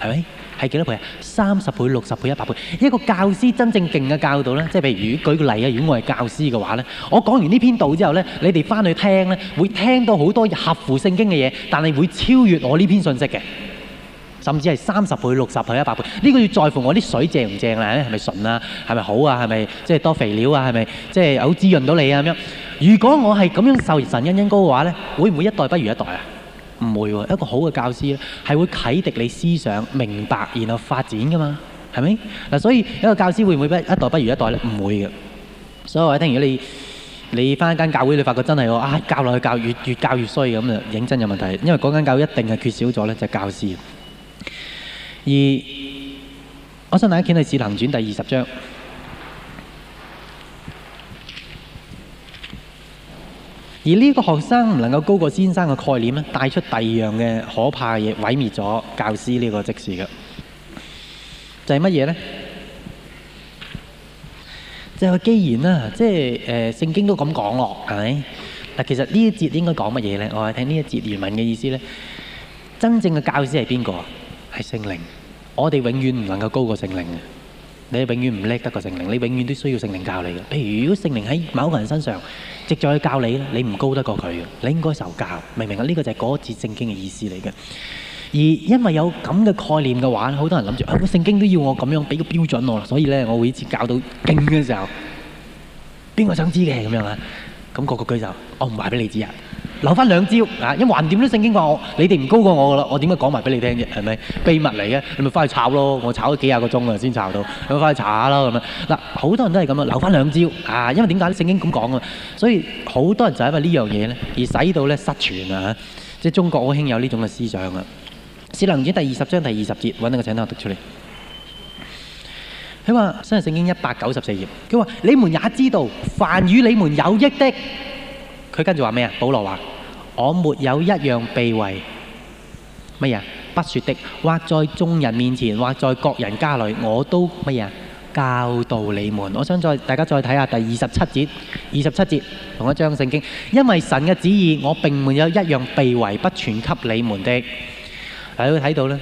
係咪？係幾多倍啊？三十倍、六十倍、一百倍。一個教師真正勁嘅教導呢，即係譬如舉個例啊，如果我係教師嘅話呢，我講完呢篇道之後呢，你哋翻去聽呢，會聽到好多合乎聖經嘅嘢，但係會超越我呢篇信息嘅，甚至係三十倍、六十倍、一百倍。呢個要在乎我啲水正唔正呢？係咪純啊？係咪好啊？係咪即係多肥料啊？係咪即係好滋潤到你啊？咁樣。如果我係咁樣受神恩恩膏嘅話呢，會唔會一代不如一代啊？唔會喎，一個好嘅教師咧，係會啟迪你思想、明白，然後發展噶嘛，係咪？嗱，所以一個教師會唔會不一代不如一代咧？唔會嘅。所以我一聽，如果你你翻一間教會，你發覺真係啊教落去教越越教越衰咁啊，認真有問題。因為嗰間教會一定係缺少咗咧，就係教師。而我想大家一你，《使徒行傳》第二十章。而呢個學生唔能夠高過先生嘅概念咧，帶出第二樣嘅可怕嘅嘢，毀滅咗教師呢個職事嘅，就係乜嘢呢？就係、是、既然啦，即係誒、呃，聖經都咁講咯，係咪？嗱，其實呢一節應該講乜嘢呢？我哋聽呢一節原文嘅意思呢：真正嘅教師係邊個啊？係聖靈，我哋永遠唔能夠高過聖靈嘅。你永遠唔叻得個聖靈，你永遠都需要聖靈教你嘅。譬如如果聖靈喺某個人身上，藉助去教你咧，你唔高得過佢嘅，你應該受教，明唔明啊？呢個就係嗰次聖經嘅意思嚟嘅。而因為有咁嘅概念嘅話，好多人諗住啊，個聖經都要我咁樣俾個標準我啦，所以咧我會至教到勁嘅時候，邊個想知嘅咁樣啊？咁個個舉手我唔話俾你知啊。留翻兩招，兩招啊！因為橫掂都聖經話我，你哋唔高過我噶啦，我點解講埋俾你聽啫？係咪秘密嚟嘅？你咪翻去炒咯！我炒咗幾廿個鐘啊，先炒到。你咪翻去查下咯咁樣！嗱，好多人都係咁樣，留翻兩招啊！因為點解咧？聖經咁講啊，所以好多人就因為這事呢樣嘢咧，而使到咧失傳啊！即係中國好興有呢種嘅思想啊！使徒行傳第二十章第二十節，揾一個請我讀出嚟。佢話：，新約聖經一百九十四頁，佢話你們也知道，凡與你們有益的。佢跟住話咩啊？保羅話：我沒有一樣避諱乜嘢？不説的，或在眾人面前，或在各人家裏，我都乜嘢？教導你們。我想再大家再睇下第二十七節。二十七節同一章聖經，因為神嘅旨意，我並沒有一樣避諱不傳給你們的。大家會睇到呢。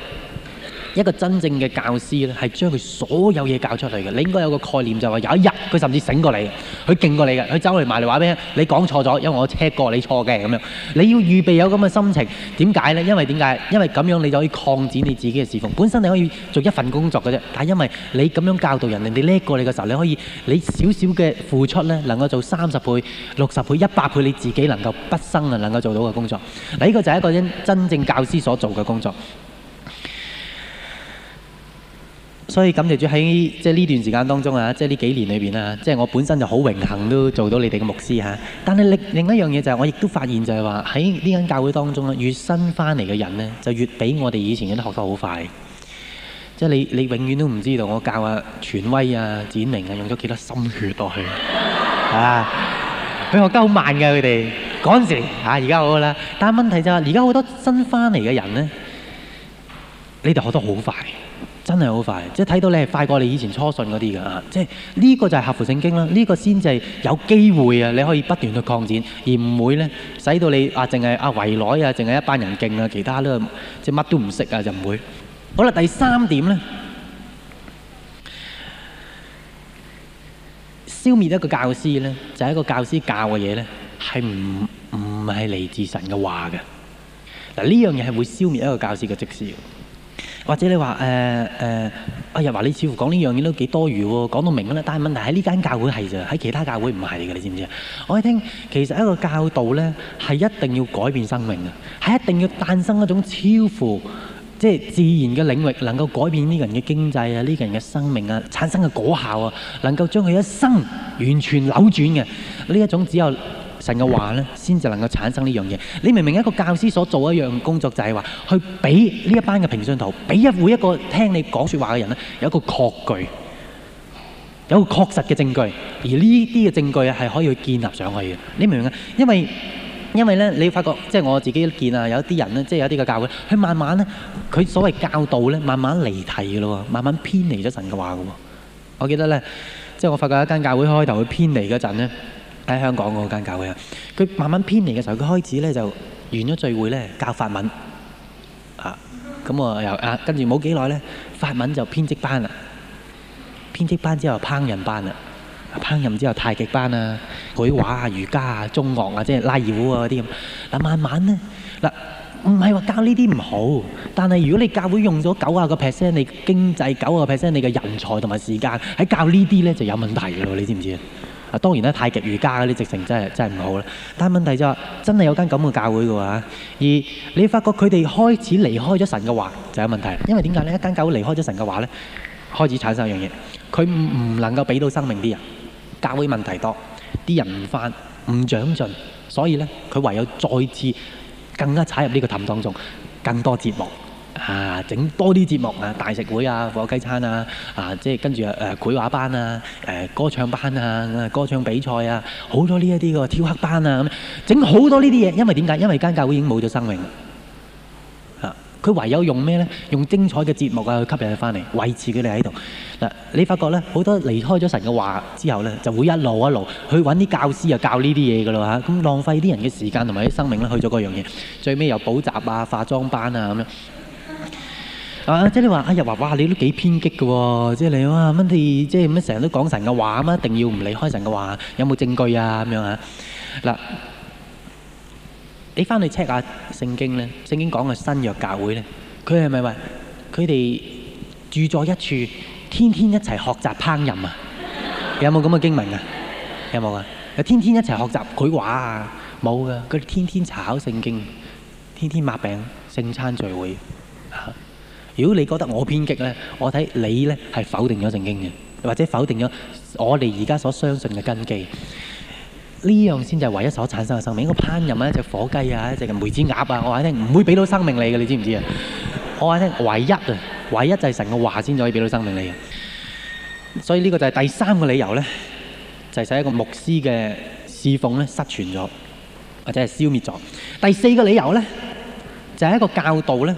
一個真正嘅教師咧，係將佢所有嘢教出嚟嘅。你應該有一個概念，就係話有一日佢甚至醒過你嘅，佢勁過你嘅，佢走嚟埋嚟話俾你：你講錯咗，因為我 check 過你錯嘅咁樣。你要預備有咁嘅心情，點解呢？因為點解？因為咁樣你就可以擴展你自己嘅事奉。本身你可以做一份工作嘅啫，但係因為你咁樣教導人哋，你叻過你嘅時候，你可以你少少嘅付出呢，能夠做三十倍、六十倍、一百倍你自己能夠畢生啊，能夠做到嘅工作。呢個就係一個真真正教師所做嘅工作。所以感謝住喺即係呢段時間當中啊，即係呢幾年裏邊啊，即係我本身就好榮幸都做到你哋嘅牧師嚇。但係另另一樣嘢就係我亦都發現就係話喺呢間教會當中啊，越新翻嚟嘅人咧，就越比我哋以前嗰啲學得好快。即係你你永遠都唔知道，我教啊權威啊展明啊用咗幾多心血落去 啊！佢學得好慢㗎，佢哋嗰陣時嚇，而家好啦。但係問題就係而家好多新翻嚟嘅人咧，你哋學得好快。真係好快，即係睇到你係快過你以前初信嗰啲㗎，即係呢個就係合乎聖經啦。呢個先至係有機會啊，你可以不斷去擴展，而唔會咧使到你啊，淨係啊圍內啊，淨係一班人勁啊，其他咧即係乜都唔識啊，就唔會。好啦，第三點咧，消滅一個教師咧，就係一個教師教嘅嘢咧，係唔唔係嚟自神嘅話嘅。嗱，呢樣嘢係會消滅一個教師嘅職事。或者你話誒誒，哎呀，話你似乎講呢樣嘢都幾多餘喎，講到明㗎啦。但係問題喺呢間教會係咋，喺其他教會唔係嘅，你知唔知啊？我哋聽，其實一個教導呢，係一定要改變生命啊，係一定要誕生一種超乎即係自然嘅領域，能夠改變呢個人嘅經濟啊，呢個人嘅生命啊，產生嘅果效啊，能夠將佢一生完全扭轉嘅呢一種只有。神嘅話咧，先至能夠產生呢樣嘢。你明明一個教師所做的一樣工作，就係話去俾呢一班嘅平信徒，俾每一個聽你講説話嘅人咧，有一個確據，有一個確實嘅證據。而呢啲嘅證據啊，係可以去建立上去嘅。你明唔明啊？因為因為咧，你發覺即係、就是、我自己見啊，就是、有啲人咧，即係有啲嘅教會，佢慢慢咧，佢所謂教導咧，慢慢離題嘅咯，慢慢偏離咗神嘅話嘅。我記得咧，即、就、係、是、我發覺一間教會開頭佢偏離嗰陣咧。喺香港嗰間教會，佢慢慢偏離嘅時候，佢開始咧，就完咗聚會咧，教法文啊，咁我又啊跟住冇幾耐咧，法文就編織班啦，編織班之後烹飪班啦，烹飪之後太極班啊，繪畫啊、瑜伽啊、中樂啊，即係拉二胡啊嗰啲咁。嗱慢慢咧，嗱唔係話教呢啲唔好，但係如果你教會用咗九啊個 percent，你經濟九啊 percent，你嘅人才同埋時間喺教呢啲咧就有問題嘅喎，你知唔知啊？當然太極瑜伽嗰啲直情真係唔好，但問題就係真係有間咁嘅教會嘅喎，而你發覺佢哋開始離開咗神嘅話就有問題。因為點解呢，一間教會離開咗神嘅話呢，開始產生一樣嘢，佢唔能夠俾到生命啲人。教會問題多，啲人唔返唔長進，所以呢，佢唯有再次更加踩入呢個氹當中，更多折磨。啊！整多啲節目啊，大食會啊，火雞餐啊，啊！即係跟住、呃，繪畫班啊、呃，歌唱班啊，歌唱比賽啊，好多呢一啲個跳黑班啊，咁整好多呢啲嘢。因為點解？因為間教會已經冇咗生命。佢、啊、唯有用咩呢？用精彩嘅節目啊，去吸引佢翻嚟，維持佢哋喺度。嗱、啊，你發覺呢，好多離開咗神嘅話之後呢，就會一路一路去揾啲教師啊，教呢啲嘢噶啦。咁浪費啲人嘅時間同埋啲生命呢，去咗嗰樣嘢。最尾又補習啊，化妝班啊，咁、啊、樣。啊！即係你話啊，日華哇，你都幾偏激嘅喎！即係你話，乜嘢？即係乜成日都講神嘅話啊？一定要唔離開神嘅話，有冇證據啊？咁樣啊？嗱，你翻去 check 下聖經咧，聖經講嘅新約教會咧，佢係咪話佢哋住咗一處，天天一齊學習烹飪啊？有冇咁嘅經文啊？有冇啊？啊，天天一齊學習繪畫啊？冇嘅，佢哋天天查考聖經，天天擘餅聖餐聚會如果你覺得我偏激呢，我睇你呢係否定咗《聖經》嘅，或者否定咗我哋而家所相信嘅根基，呢樣先就係唯一所產生嘅生命。應該烹飪一隻火雞啊，一隻梅子鴨啊，我話你聽唔會俾到生命你嘅，你知唔知啊？我話你聽唯一啊，唯一就係神嘅話先可以俾到生命你嘅。所以呢個就係第三個理由呢，就係使一個牧師嘅侍奉咧失傳咗，或者係消滅咗。第四個理由呢，就係一個教導呢。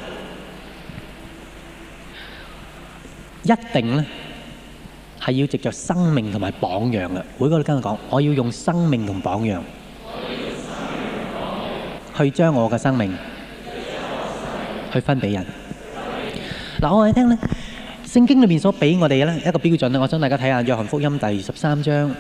一定呢，係要藉著生命同埋榜樣嘅。每個人都跟佢講，我要用生命同榜樣去將我嘅生命去分俾人。嗱，我哋聽呢，聖經裏面所俾我哋嘅呢一個標準呢，我想大家睇下約翰福音第二十三章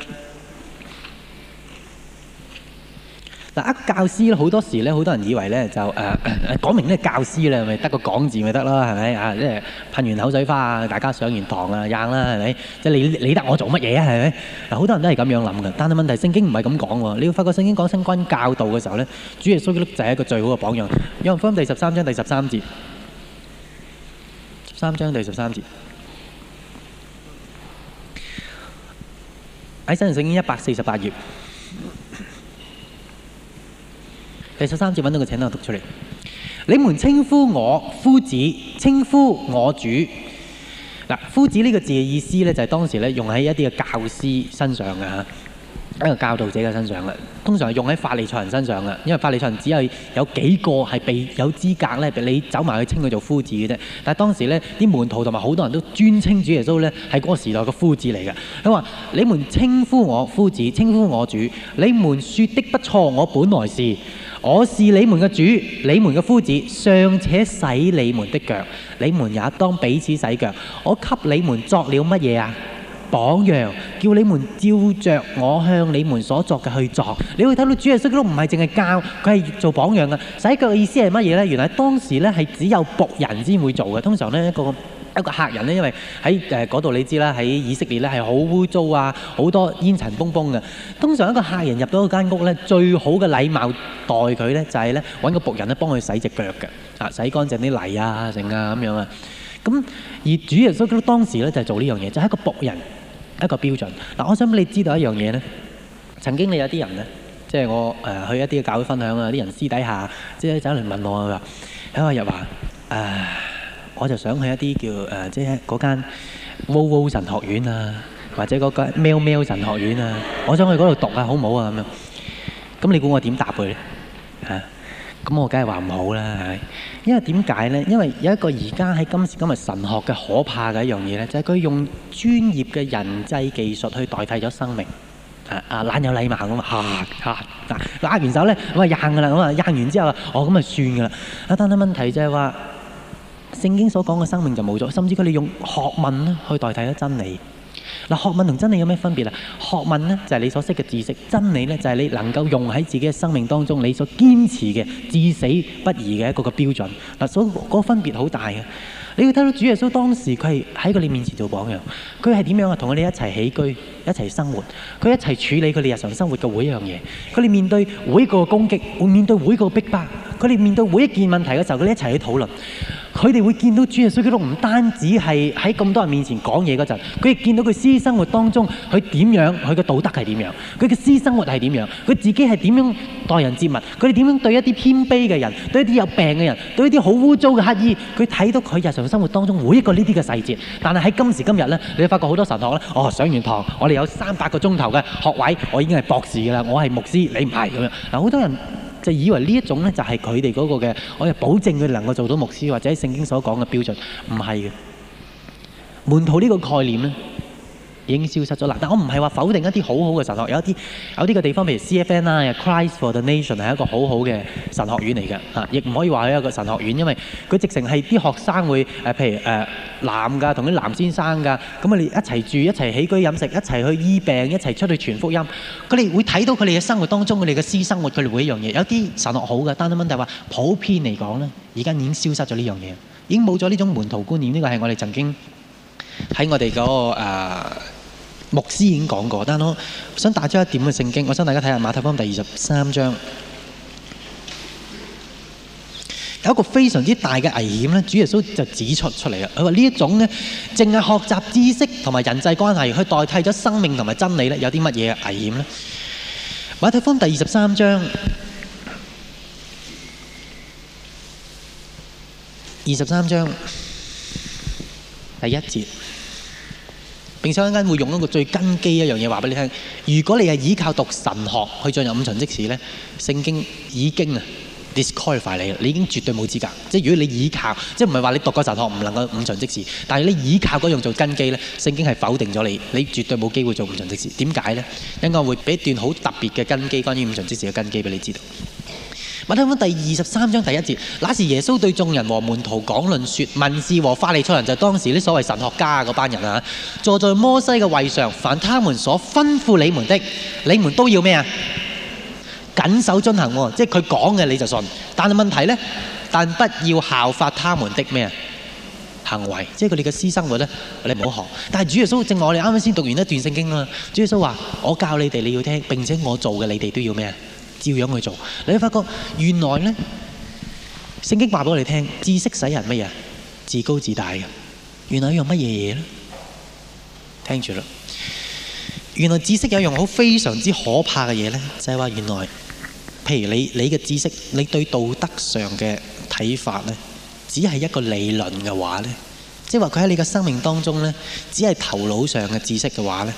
嗱，一個教師咧，好多時咧，好多人以為咧就誒講明咧個教師咧，咪得個講字咪得啦，係咪啊？即係噴完口水花，大家上完堂啊，硬啦，係咪？即係你理得我做乜嘢啊？係咪？嗱，好多人都係咁樣諗嘅。但係問題聖經唔係咁講喎。你要發覺聖經講身經教導嘅時候咧，主耶穌就係一個最好嘅榜樣。約翰福音第十三章第十三節，十三章第十三節喺新約聖經一百四十八頁。第十三節揾到個請我讀出嚟。你們稱呼我夫子，稱呼我主嗱。夫子呢個字嘅意思呢，就係當時咧用喺一啲嘅教師身上嘅嚇，一個教導者嘅身上嘅。通常係用喺法利賽人身上嘅，因為法利賽人只有有幾個係被有資格呢。你走埋去稱佢做夫子嘅啫。但係當時呢啲門徒同埋好多人都專稱主耶穌呢，係嗰個時代嘅夫子嚟嘅。佢話：你們稱呼我夫子，稱呼我主。你們説的不錯，我本來是。我是你們嘅主，你們嘅夫子，尚且洗你們的腳，你們也當彼此洗腳。我給你們作了乜嘢啊？榜樣，叫你們照着我向你們所作嘅去作。你會睇到主耶穌都唔係淨係教，佢係做榜樣嘅。洗腳嘅意思係乜嘢呢？原來當時呢係只有僕人先會做嘅，通常呢、那個一個客人咧，因為喺誒嗰度你知啦，喺以色列咧係好污糟啊，好多煙塵風風嘅。通常一個客人入到嗰間屋咧，最好嘅禮貌待佢咧，就係咧揾個僕人咧幫佢洗隻腳嘅，啊洗乾淨啲泥啊剩啊咁樣啊。咁而主耶穌當時咧就係做呢樣嘢，就係、是、一個僕人一個標準。嗱，我想你知道一樣嘢咧，曾經你有啲人咧，即係我誒去一啲嘅教會分享啊，啲人私底下即係走嚟問我，佢話啊，話：，喺我入話啊。我就想去一啲叫誒，即係嗰間 WoWo 神學院啊，或者嗰間喵喵神學院啊，我想去嗰度讀啊，好唔好啊？咁樣，咁你估我點答佢咧？嚇，咁我梗係話唔好啦，係，因為點解咧？因為有一個而家喺今時今日神學嘅可怕嘅一樣嘢咧，就係、是、佢用專業嘅人際技術去代替咗生命，啊啊，懶有禮貌咁嘛，嚇嚇，佢握完手咧，我話扔㗎啦，咁啊扔完之後，哦咁啊算㗎啦。啊，但係問題即係話。聖經所講嘅生命就冇咗，甚至佢哋用學問咧去代替咗真理。嗱，學問同真理有咩分別啊？學問咧就係你所識嘅知識，真理咧就係你能夠用喺自己嘅生命當中，你所堅持嘅至死不渝嘅一個個標準。嗱，所嗰個分別好大嘅。你要睇到主耶穌當時佢係喺佢哋面前做榜樣，佢係點樣啊？同佢哋一齊起，起居，一齊生活，佢一齊處理佢哋日常生活嘅每一樣嘢。佢哋面對每一個攻擊，會面對每一個逼迫，佢哋面對每一件問題嘅時候，佢哋一齊去討論。佢哋會見到主啊，所以佢都唔單止係喺咁多人面前講嘢嗰陣，佢亦見到佢私生活當中佢點樣，佢嘅道德係點樣，佢嘅私生活係點樣，佢自己係點樣待人接物，佢哋點樣對一啲偏卑嘅人，對一啲有病嘅人，對一啲好污糟嘅乞兒？佢睇到佢日常生活當中每一個呢啲嘅細節。但係喺今時今日呢，你會發覺好多神學呢：「哦，上完堂，我哋有三百個鐘頭嘅學位，我已經係博士㗎啦，我係牧師，你唔係咁樣。嗱，好多人。就以為呢一種咧，就係佢哋嗰個嘅，我哋保證佢哋能夠做到牧師或者聖經所講嘅標準，唔係嘅。門徒呢個概念咧已經消失咗啦，但我唔係話否定一啲好好嘅神學，有啲有啲嘅地方，譬如 CFN 啊 Christ for the Nation 係一個好好嘅神學院嚟嘅嚇，亦唔可以話佢係一個神學院，因為佢直情係啲學生會誒，譬如誒、呃、男噶，同啲男先生噶，咁啊我哋一齊住，一齊起，起居飲食，一齊去醫病，一齊出去傳福音，佢哋會睇到佢哋嘅生活當中，佢哋嘅私生活，佢哋會一樣嘢。有啲神學好嘅，但係問題話普遍嚟講咧，而家已經消失咗呢樣嘢，已經冇咗呢種門徒觀念。呢、這個係我哋曾經喺我哋嗰、那個、uh, 牧師已經講過，但係我想帶出一點嘅聖經，我想大家睇下馬太福音第二十三章。有一個非常之大嘅危險咧，主耶穌就指出出嚟啦。佢話呢一種咧，淨係學習知識同埋人際關係，去代替咗生命同埋真理咧，有啲乜嘢危險咧？馬太福音第二十三章，二十三章第一節。並且一間會用一個最根基的一樣嘢話俾你聽，如果你係依靠讀神學去進入五旬職事咧，聖經已經啊 disqualify 你啦，你已經絕對冇資格。即係如果你依靠，即係唔係話你讀嗰神學唔能夠五旬職事，但係你依靠嗰樣做根基咧，聖經係否定咗你，你絕對冇機會做五旬職事。點解咧？應該會俾一段好特別嘅根基，關於五旬職事嘅根基俾你知道。我聽翻第二十三章第一節，那時耶穌對眾人和門徒講論說，文士和法利賽人就當時啲所謂神學家嗰班人啊，坐在摩西嘅位上，凡他們所吩咐你們的，你們都要咩啊？謹守遵行，即係佢講嘅你就信。但係問題呢，但不要效法他們的咩行為，即係佢哋嘅私生活呢，你唔好學。但係主耶穌，正我哋啱啱先讀完一段聖經啊，主耶穌話：我教你哋你要聽，並且我做嘅，你哋都要咩啊？照樣去做，你會發覺原來呢，聖經話俾我哋聽，知識使人乜嘢？自高自大嘅。原來一樣乜嘢嘢呢？聽住啦。原來知識有一樣好非常之可怕嘅嘢呢，就係話原來，譬如你你嘅知識，你對道德上嘅睇法呢，只係一個理論嘅話呢，即係話佢喺你嘅生命當中呢，只係頭腦上嘅知識嘅話呢，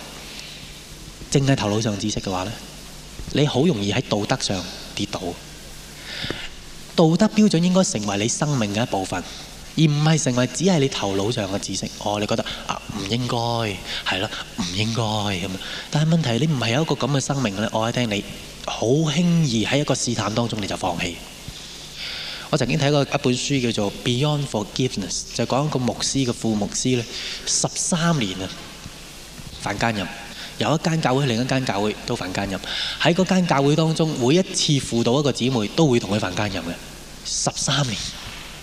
淨係頭腦上知識嘅話呢。你好容易喺道德上跌倒，道德標準應該成為你生命嘅一部分，而唔係成為只係你頭腦上嘅知識。哦，你覺得啊唔應該，係咯唔應該咁。但係問題是你唔係有一個咁嘅生命咧，我聽你好輕易喺一個試探當中你就放棄。我曾經睇過一本書叫做《Beyond Forgiveness》，就是、講一個牧師嘅副牧師咧，十三年啊，犯奸淫。有一間教會，另一間教會都犯奸淫。喺嗰間教會當中，每一次輔導一個姊妹，都會同佢犯奸淫嘅十三年。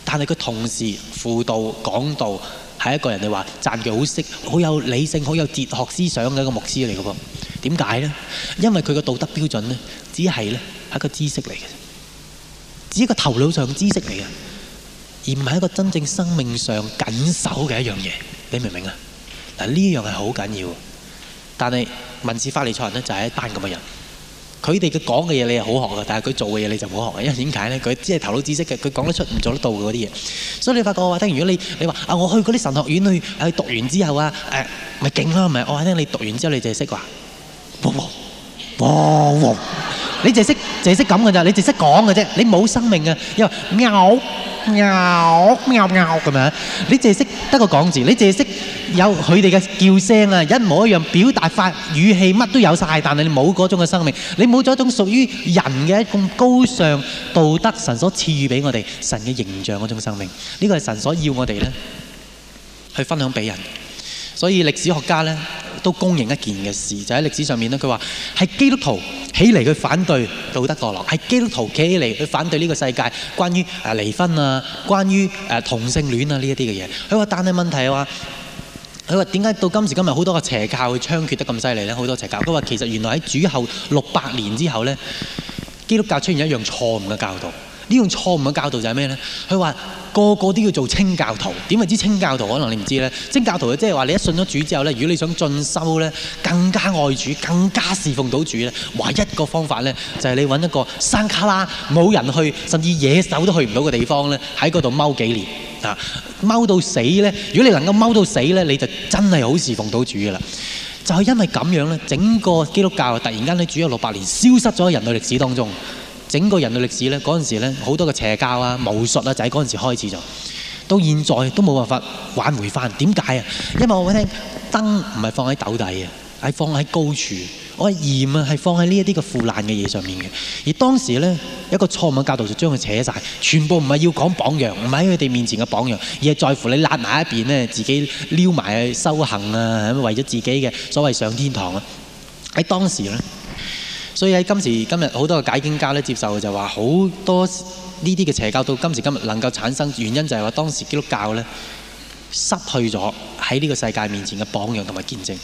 但係佢同時輔導講道，係一個人你話讚嘅好識、好有理性、好有哲學思想嘅一個牧師嚟嘅噃。點解呢？因為佢嘅道德標準呢，只係呢，係一個知識嚟嘅，只係一個頭腦上知識嚟嘅，而唔係一個真正生命上緊守嘅一樣嘢。你明唔明啊？嗱，呢樣係好緊要。但係文士法利賽人咧就係、是、一班咁嘅人，佢哋嘅講嘅嘢你係好學嘅，但係佢做嘅嘢你就唔好學嘅，因為點解咧？佢只係頭腦知識嘅，佢講得出，唔做得到嘅嗰啲嘢。所以你發覺我話聽，如果你你話啊，我去嗰啲神學院去讀讀完之後啊誒，咪勁啦，咪我話聽你讀完之後你就識啩？唔你淨係識淨係識咁㗎咋？你淨係識講㗎啫。你冇生命㗎，因為喵喵喵喵咁樣。你淨係識得個講字，你淨係識有佢哋嘅叫聲啊，一模一樣，表達法、語氣乜都有晒，但係你冇嗰種嘅生命，你冇咗一種屬於人嘅一種高尚道德，神所賜予俾我哋神嘅形象嗰種生命。呢個係神所要我哋咧，去分享俾人。所以歷史學家咧都公認一件嘅事，就喺歷史上面咧，佢話係基督徒起嚟去反對道德墮落，係基督徒起嚟去反對呢個世界關於誒離婚啊、關於誒同性戀啊呢一啲嘅嘢。佢話但係問題係話，佢話點解到今時今日好多個邪教會猖獗得咁犀利咧？好多邪教，佢話其實原來喺主後六百年之後咧，基督教出現一樣錯誤嘅教導。呢種錯誤嘅教導就係咩呢？佢話個個都要做清教徒，點為之清教徒？可能你唔知呢，清教徒即係話你一信咗主之後呢，如果你想進修呢，更加愛主、更加侍奉到主呢。」唯一個方法呢，就係、是、你揾一個山卡拉冇人去，甚至野獸都去唔到嘅地方呢，喺嗰度踎幾年啊，踎到死呢，如果你能夠踎到死呢，你就真係好侍奉到主嘅啦。就係、是、因為咁樣呢，整個基督教突然間呢，主要六百年消失咗喺人類歷史當中。整個人類歷史咧，嗰陣時咧，好多嘅邪教啊、巫術啊，就喺嗰陣時開始咗。到現在都冇辦法挽回返。點解啊？因為我聽燈唔係放喺斗底啊，係放喺高處。我鹽啊係放喺呢一啲嘅腐爛嘅嘢上面嘅。而當時咧，一個錯誤嘅教導就將佢扯晒，全部唔係要講榜樣，唔係喺佢哋面前嘅榜樣，而係在乎你揦埋一邊咧，自己撩埋去修行啊，為咗自己嘅所謂上天堂啊。喺當時咧。所以喺今時今日，好多嘅解經家咧，接受嘅就話好多呢啲嘅邪教到今時今日能夠產生，原因就係話當時基督教咧，失去咗喺呢個世界面前嘅榜樣同埋見證。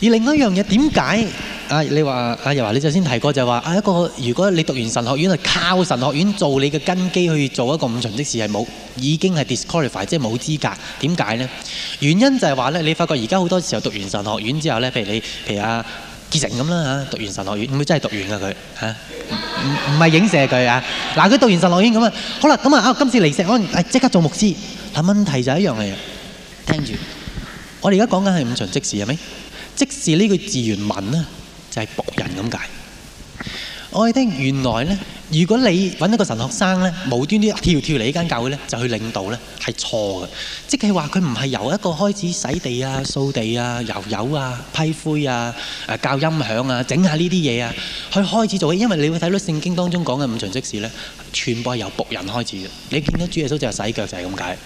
而另外一樣嘢點解啊？你話啊，又話你頭先提過就話啊一個，如果你讀完神學院係靠神學院做你嘅根基去做一個五旬節士係冇，已經係 disqualified，即係冇資格。點解呢？原因就係話咧，你發覺而家好多時候讀完神學院之後咧，譬如你譬如啊。結成咁啦嚇，讀完神學院，唔會真係讀完㗎佢嚇？唔唔係影射佢啊！嗱，佢讀完神學院咁啊，好啦，咁啊，今次嚟石安，即刻做牧師。但問題就一樣嚟嘅，聽住。我哋而家講緊係五旬職事係咪？職事呢句字原文咧，就係、是、僕人咁解。我哋聽原來咧。如果你揾一個神學生咧，無端端跳跳嚟呢間教會咧，就去領導咧，係錯嘅。即係話佢唔係由一個開始洗地啊、掃地啊、油油啊、批灰啊、誒教音響啊、整下呢啲嘢啊，去開始做。因為你會睇到聖經當中講嘅五旬職事咧，全部係由僕人開始嘅。你見到主耶穌就係洗腳就係咁解，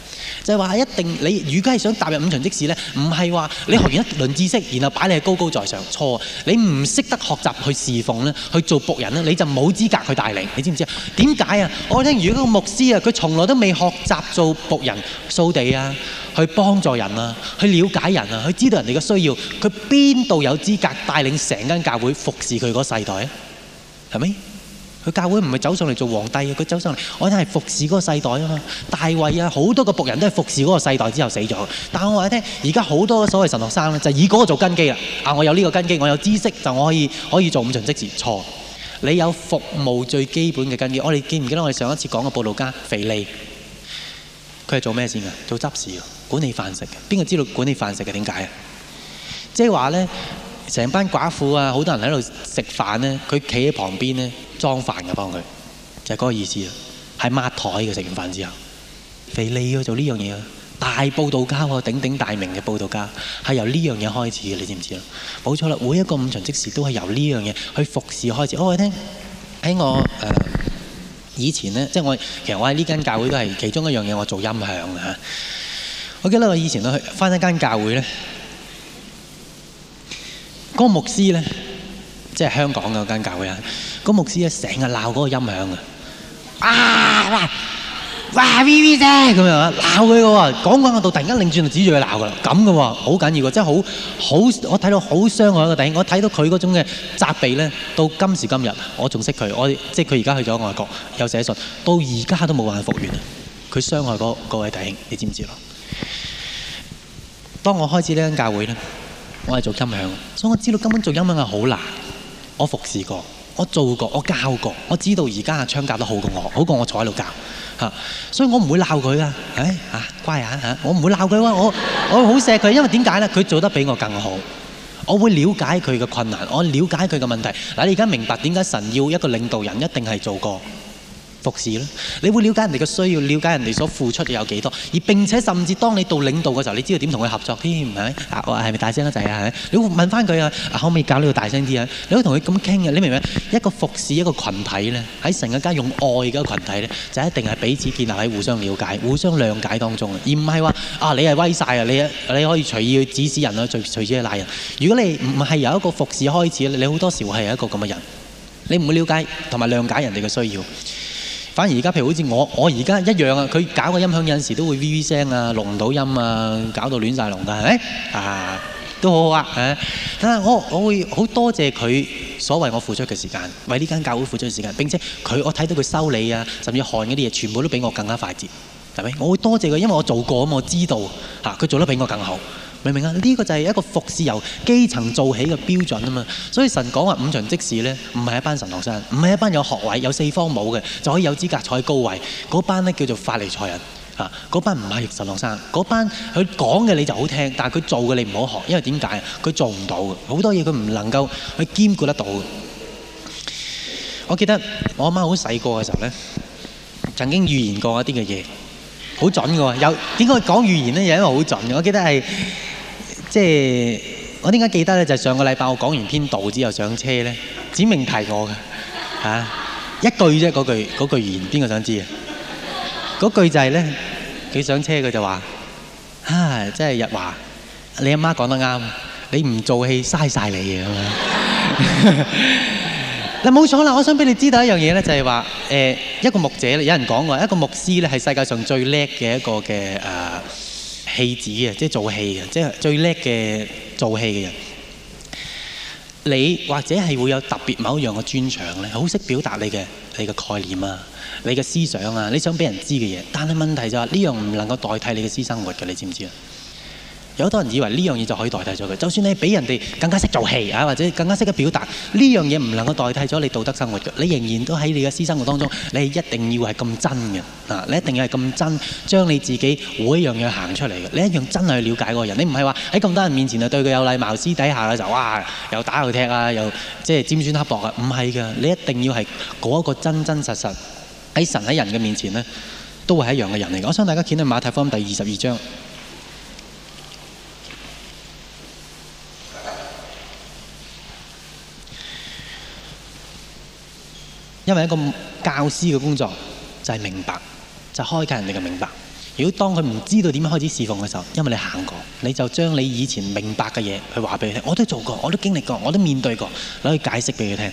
就係話一定你如果係想踏入五旬職事咧，唔係話你學完一輪知識然後擺你係高高在上，錯。你唔識得學習去侍奉咧，去做僕人咧，你就冇資格去帶領。你知唔知啊？點解啊？我聽如果個牧師啊，佢從來都未學習做僕人掃地啊，去幫助人啊，去了解人啊，去知道人哋嘅需要，佢邊度有資格帶領成間教會服侍佢嗰世代啊？係咪？佢教會唔係走上嚟做皇帝啊？佢走上嚟，我聽係服侍嗰個世代啊嘛。大衛啊，好多個僕人都係服侍嗰個世代之後死咗。但我話你聽，而家好多所謂神學生咧，就是、以嗰個做根基啦。啊，我有呢個根基，我有知識，就我可以可以做五旬職事。錯。你有服務最基本嘅根基，我哋記唔記得我哋上一次講嘅佈道家肥利，佢係做咩先噶？做執事啊，管理飯食嘅。邊個知道管理飯食嘅點解啊？即係話咧，成、就是、班寡婦啊，好多人喺度食飯咧，佢企喺旁邊咧，裝飯嘅幫佢，就係、是、嗰個意思啊。係抹台嘅，食完飯之後，肥利要做呢樣嘢啊。大佈道家喎，鼎鼎大名嘅佈道家，係由呢樣嘢開始嘅，你知唔知啊？冇錯啦，每一個五旬職事都係由呢樣嘢去服侍開始。我喺聽喺我誒、呃、以前呢，即係我其實我喺呢間教會都係其中一樣嘢，我做音響嘅，我記得我以前咧去翻一間教會咧，嗰、嗰個牧師咧，即係香港嗰間教會啊，嗰、嗰個牧師咧成日鬧嗰個音響嘅啊！哇！V V 啫，咁樣啊，鬧佢嘅喎，講講我度，突然間擰轉就指住佢鬧嘅啦，咁嘅喎，好緊要嘅，真係好，好，我睇到好傷害一個弟兄，我睇到佢嗰種嘅責備咧，到今時今日，我仲識佢，我即係佢而家去咗外國，有寫信，到而家都冇辦法復原，佢傷害過嗰位弟兄，你知唔知咯？當我開始呢間教會咧，我係做音響，所以我知道根本做音響係好難，我服侍過，我做過，我教過，我知道而家阿昌教得好過我，好過我坐喺度教。 所以我唔會鬧佢㗎，唉、哎，嚇、啊，乖啊嚇！我唔會鬧佢喎，我我好錫佢，因為點解呢？佢做得比我更好，我會了解佢嘅困難，我了解佢嘅問題。嗱，你而家明白點解神要一個領導人一定係做過？服侍咯，你會了解人哋嘅需要，了解人哋所付出嘅有幾多，而並且甚至當你到領導嘅時候，你知道點同佢合作添，係咪？我係咪大聲得滯啊？你問翻佢啊，可唔可以搞呢個大聲啲啊？你可以同佢咁傾嘅，你明唔明？一個服侍一個群體咧，喺成嘅間用愛嘅群體咧，就一定係彼此建立喺互相了解、互相諒解當中，而唔係話啊你係威晒啊，你啊你，你可以隨意去指使人啊，隨意隨處去拉人。如果你唔係由一個服侍開始，你好多時會係一個咁嘅人，你唔會了解同埋諒解人哋嘅需要。反而而家譬如好似我，我而家一樣啊！佢搞個音響有陣時都會 V V 聲啊，錄唔到音啊，搞到亂晒龍㗎，係咪？啊，都好好啊，係、欸。啊，我我會好多謝佢所為我付出嘅時間，為呢間教會付出嘅時間。並且佢我睇到佢修理啊，甚至看嗰啲嘢，全部都比我更加快捷，係咪？我會多謝佢，因為我做過啊嘛，我知道嚇佢做得比我更好。明唔明啊？呢個就係一個服侍由基層做起嘅標準啊嘛！所以神講話五旬職事呢，唔係一班神學生，唔係一班有學位、有四方帽嘅，就可以有資格坐喺高位。嗰班呢，叫做法利賽人，嗰班唔係肉神學生。嗰班佢講嘅你就好聽，但係佢做嘅你唔好學，因為點解佢做唔到嘅，好多嘢佢唔能夠去兼顧得到。我記得我阿媽好細個嘅時候呢，曾經預言過一啲嘅嘢，好準嘅。有點解講預言呢？有一個好準嘅。我記得係。即係我點解記得咧？就係、上個禮拜我講完篇道之後上車咧，指明提我嘅、啊、一句啫嗰句嗰句言，邊個想知啊？嗰句就係咧，佢上車佢就話：唉，真係日華，你阿媽講得啱，你唔做戲嘥曬你嘅。嗱 冇 錯啦，我想俾你知道一樣嘢咧，就係話一個牧者，有人講過一個牧師咧，係世界上最叻嘅一個嘅，誒戲子嘅，即係做戲嘅，即係最叻嘅做戲嘅人。你或者係會有特別某一樣嘅專長咧，好識表達你嘅你嘅概念啊，你嘅思想啊，你想俾人知嘅嘢。但係問題就係呢樣唔能夠代替你嘅私生活嘅，你知唔知啊？有好多人以為呢樣嘢就可以代替咗佢。就算你俾人哋更加識做戲啊，或者更加識得表達，呢樣嘢唔能夠代替咗你道德生活嘅。你仍然都喺你嘅私生活當中，你係一定要係咁真嘅。啊，你一定要係咁真，將你自己每一樣嘢行出嚟嘅。你一樣真係去了解嗰個人。你唔係話喺咁多人面前啊對佢有禮貌，私底下嘅就哇又打又踢啊，又即係尖酸刻薄啊。唔係噶，你一定要係嗰個真真實實喺神喺人嘅面前呢，都會係一樣嘅人嚟。我想大家見到馬太福音第二十二章。因為一個教師嘅工作就係、是、明白，就是、開解人哋嘅明白。如果當佢唔知道點樣開始侍奉嘅時候，因為你行過，你就將你以前明白嘅嘢去話俾佢聽。我都做過，我都經歷過，我都面對過，攞去解釋俾佢聽。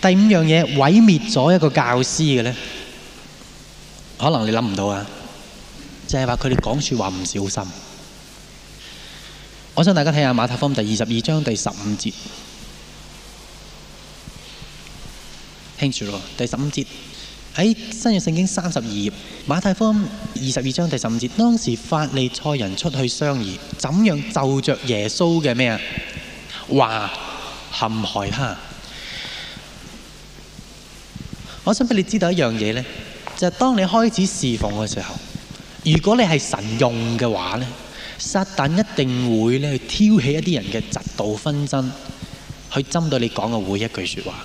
第五樣嘢毀滅咗一個教師嘅呢，可能你諗唔到啊！就係話佢哋講說話唔小心。我想大家睇下馬太福音第二十二章第十五節。聽住咯，第十五節喺新約聖經三十二頁，馬太福音二十二章第十五節，當時法利賽人出去商議，怎樣就着耶穌嘅咩啊話陷害他。我想俾你知道一樣嘢呢，就係當你開始侍奉嘅時候，如果你係神用嘅話呢，撒旦一定會咧去挑起一啲人嘅嫉妒紛爭，去針對你講嘅每一句說話。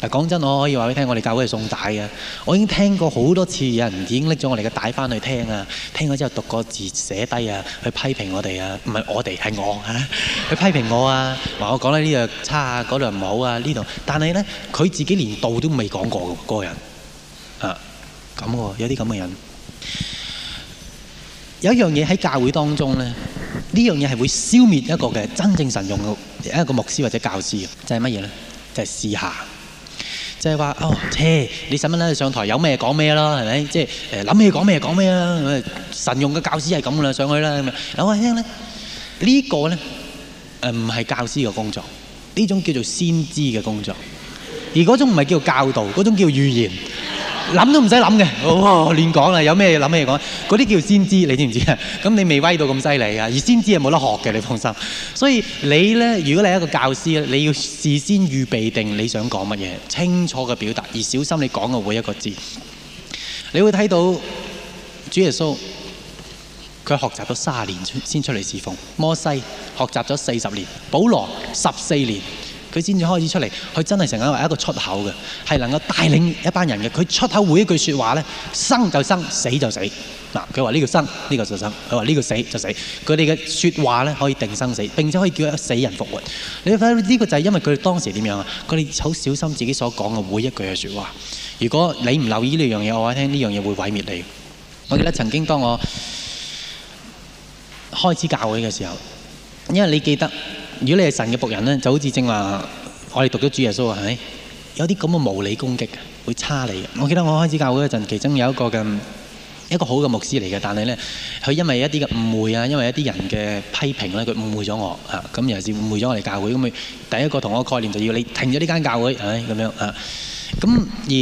嗱，講真，我可以話俾你聽，我哋教會係送帶㗎。我已經聽過好多次，有人已經拎咗我哋嘅帶翻去聽啊。聽咗之後讀個字寫低啊，去批評我哋啊。唔係我哋，係我嚇，去批評我啊。話我講呢樣差，嗰度唔好啊，呢度。但係呢，佢自己連道都未講過嘅，嗰個人啊，咁喎、啊，有啲咁嘅人。有一樣嘢喺教會當中呢，呢樣嘢係會消滅一個嘅真正神用嘅一個牧師或者教師即就係乜嘢呢？就係、是、試下。即係話哦你使乜上台有咩講咩啦，係咪？即係誒諗咩講咩講咩啦，神用嘅教師係咁啦，上去啦咁啊！阿華呢個咧唔係教師嘅工作，呢種叫做先知嘅工作，而嗰種唔係叫教導，嗰種叫預言。諗都唔使諗嘅，亂講啦！有咩諗咩講，嗰啲叫先知，你知唔知啊？咁你未威到咁犀利啊！而先知係冇得學嘅，你放心。所以你呢，如果你係一個教師，你要事先預備定你想講乜嘢，清楚嘅表達，而小心你講嘅每一個字。你會睇到主耶穌，佢學習咗三十年先出嚟侍奉；摩西學習咗四十年；保羅十四年。佢先至開始出嚟，佢真係成日話一個出口嘅，係能夠帶領一班人嘅。佢出口每一句説話咧，生就生，死就死。嗱，佢話呢個生，呢個就生；佢話呢個死就死。佢哋嘅説話咧，可以定生死，並且可以叫死人復活。你睇呢個就係因為佢哋當時點樣啊？佢哋好小心自己所講嘅每一句嘅説話。如果你唔留意呢樣嘢，我話聽呢樣嘢會毀滅你。我記得曾經當我開始教會嘅時候，因為你記得。如果你係神嘅僕人咧，就好似正話，我哋讀咗主耶穌啊，係、哎、有啲咁嘅無理攻擊，會差你嘅。我記得我開始教會嗰陣，其中有一個嘅一個好嘅牧師嚟嘅，但係咧，佢因為一啲嘅誤會啊，因為一啲人嘅批評咧，佢誤會咗我啊。咁尤其是誤會咗我哋教會。咁佢第一個同我概念就要你停咗呢間教會，唉咁樣啊。咁而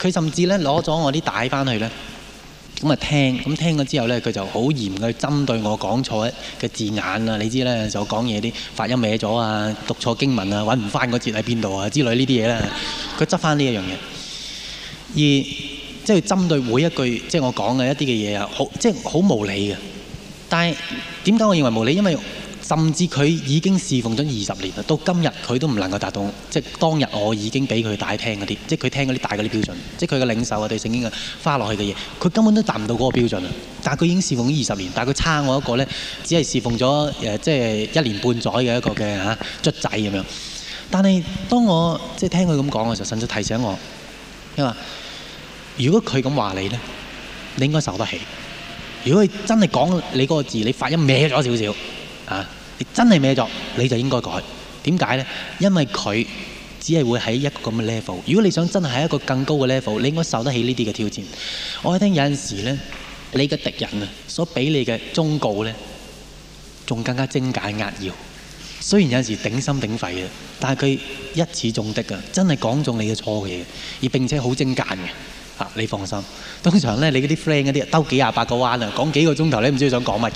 佢甚至咧攞咗我啲帶翻去咧。咁啊聽，咁聽咗之後咧，佢就好嚴去針對我講錯嘅字眼啊！你知咧，就講嘢啲發音歪咗啊，讀錯經文啊，揾唔翻個節喺邊度啊之類呢啲嘢咧，佢執翻呢一樣嘢。而即係針對每一句，即係我講嘅一啲嘅嘢啊，好即係好無理嘅。但係點解我認為無理？因為甚至佢已經侍奉咗二十年啦，到今日佢都唔能夠達到，即係當日我已經俾佢大聽嗰啲，即係佢聽嗰啲大嗰啲標準，即係佢嘅領受啊，對聖經嘅花落去嘅嘢，佢根本都達唔到嗰個標準啊！但係佢已經侍奉咗二十年，但係佢差我一個咧，只係侍奉咗誒、呃，即係一年半載嘅一個嘅嚇卒仔咁樣。但係當我即係聽佢咁講嘅時候，神就提醒我，因為如果佢咁話你咧，你應該受得起。如果佢真係講你嗰個字，你發音歪咗少少啊！你真係歪咗，你就應該改。點解呢？因為佢只係會喺一個咁嘅 level。如果你想真係喺一個更高嘅 level，你應該受得起呢啲嘅挑戰。我聽有陣時呢，你嘅敵人啊，所俾你嘅忠告呢，仲更加精簡扼要。雖然有陣時頂心頂肺嘅，但係佢一語中的啊，真係講中你嘅錯嘅嘢，而並且好精簡嘅。啊、你放心，通常咧你嗰啲 friend 嗰啲兜幾廿八個彎啊，講幾個鐘頭你唔知佢想講乜。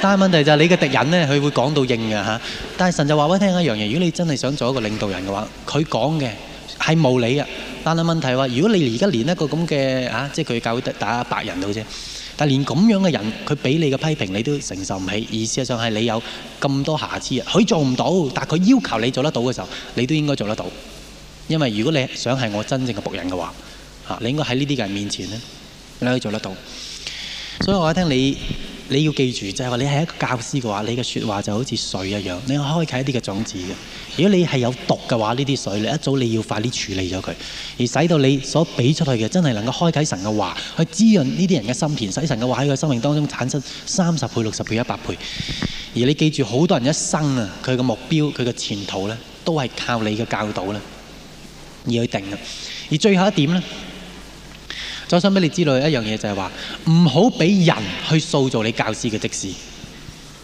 但係問題就係你嘅敵人呢，佢會講到應嘅嚇、啊。但係神就話俾你聽一樣嘢，如果你真係想做一個領導人嘅話，佢講嘅係冇理啊。但係問題話，如果你而家連一個咁嘅嚇，即係佢教會打白人到啫。但係連咁樣嘅人，佢俾你嘅批評你都承受唔起。而事實上係你有咁多瑕疵啊。佢做唔到，但係佢要求你做得到嘅時候，你都應該做得到。因為如果你想係我真正嘅僕人嘅話。你應該喺呢啲人面前呢，你可以做得到。所以我一聽你，你要記住，就係話你係一個教師嘅話，你嘅説話就好似水一樣，你開啟一啲嘅種子嘅。如果你係有毒嘅話，呢啲水，你一早你要快啲處理咗佢，而使到你所俾出去嘅真係能夠開啟神嘅話，去滋潤呢啲人嘅心田，使神嘅話喺佢生命當中產生三十倍、六十倍、一百倍。而你記住，好多人一生啊，佢嘅目標、佢嘅前途呢，都係靠你嘅教導呢，而去定嘅。而最後一點呢。我想俾你知道一樣嘢，就係話唔好俾人去塑造你教師嘅職事。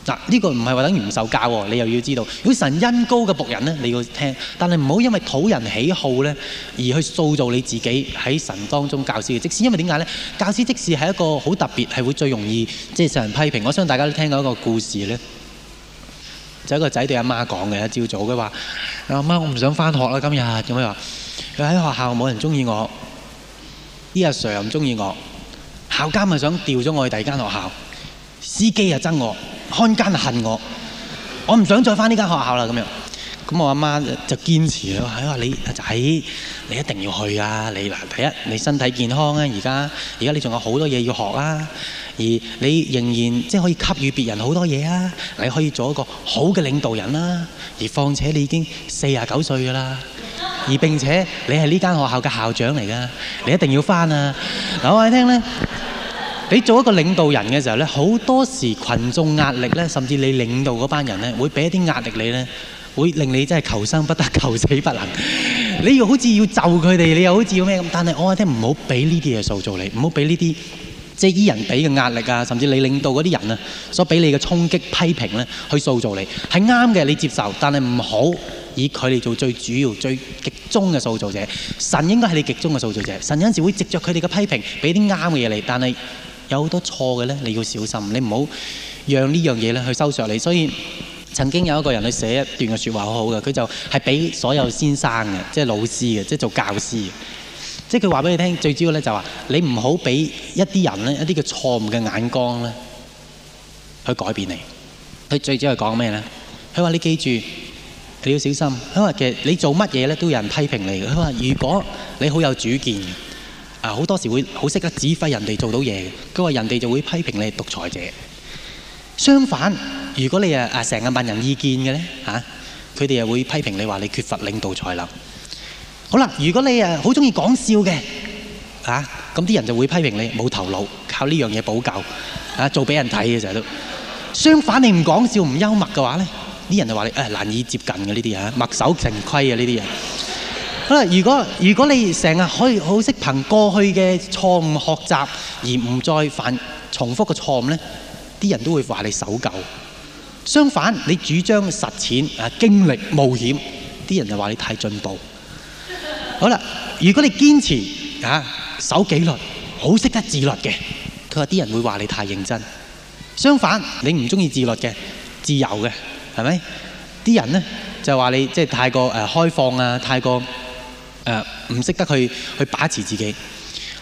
嗱、啊，呢、這個唔係話等於唔受教喎，你又要知道，如果神恩高嘅僕人呢，你要聽，但係唔好因為討人喜好呢，而去塑造你自己喺神當中教師嘅職事。因為點解呢？教師職事係一個好特別，係會最容易即係受人批評。我相信大家都聽過一個故事呢，就是、一個仔對阿媽講嘅，一朝早嘅話：阿媽，我唔想翻學啦，今日咁樣話，佢喺學校冇人中意我。啲阿 Sir 又唔鍾意我，校監又想調咗我去第二間學校，司機又憎我，看監又恨我，我唔想再翻呢間學校啦咁樣。咁我阿媽就堅持啊，話，話你阿仔，你一定要去啊！你嗱，第一，你身體健康啊！而家，而家你仲有好多嘢要學啊！而你仍然即係可以給予別人好多嘢啊！你可以做一個好嘅領導人啦！而況且你已經四十九歲啦，而並且你係呢間學校嘅校長嚟噶，你一定要返啊！嗱，我話你聽咧，你做一個領導人嘅時候咧，好多時羣眾壓力咧，甚至你領導嗰班人咧，會俾一啲壓力你咧。會令你真係求生不得，求死不能。 你又好要好似要就佢哋，你又好似要咩咁？但係我話聽唔好俾呢啲嘢塑造你，唔好俾呢啲即係依人俾嘅壓力啊，甚至你領導嗰啲人啊所俾你嘅衝擊、批評咧，去塑造你。係啱嘅，你接受，但係唔好以佢哋做最主要、最極中嘅塑造者。神應該係你極中嘅塑造者。神有時會藉着佢哋嘅批評，俾啲啱嘅嘢嚟，但係有好多錯嘅咧，你要小心，你唔好讓呢樣嘢咧去收著你。所以。曾經有一個人去寫一段嘅説話好的，好好嘅。佢就係俾所有先生嘅，即係老師嘅，即係做教師嘅。即係佢話俾你聽，最主要咧就話你唔好俾一啲人咧，一啲嘅錯誤嘅眼光咧去改變你。佢最主要係講咩咧？佢話你記住，你要小心。佢話其實你做乜嘢咧都有人批評你。佢話如果你好有主見，啊好多時會好識得指揮人哋做到嘢。佢話人哋就會批評你係獨裁者。相反，如果你誒誒成日問人意見嘅咧嚇，佢哋又會批評你話你缺乏領導才能。好啦，如果你誒好中意講笑嘅嚇，咁啲人就會批評你冇頭腦，靠呢樣嘢補救嚇，做俾人睇嘅成日都。相反，你唔講笑唔幽默嘅話咧，啲人就話你誒難以接近嘅呢啲嚇，墨守成規啊呢啲人。好啦，如果如果你成日可以好識憑過去嘅錯誤學習而唔再犯重複嘅錯誤咧？啲人都會話你守舊，相反你主張實踐啊，經歷冒險，啲人就話你太進步。好啦，如果你堅持啊守紀律，好識得自律嘅，佢話啲人會話你太認真。相反你唔鍾意自律嘅、自由嘅，係咪？啲人呢就話你即係太過誒開放啊，太過誒唔識得去去把持自己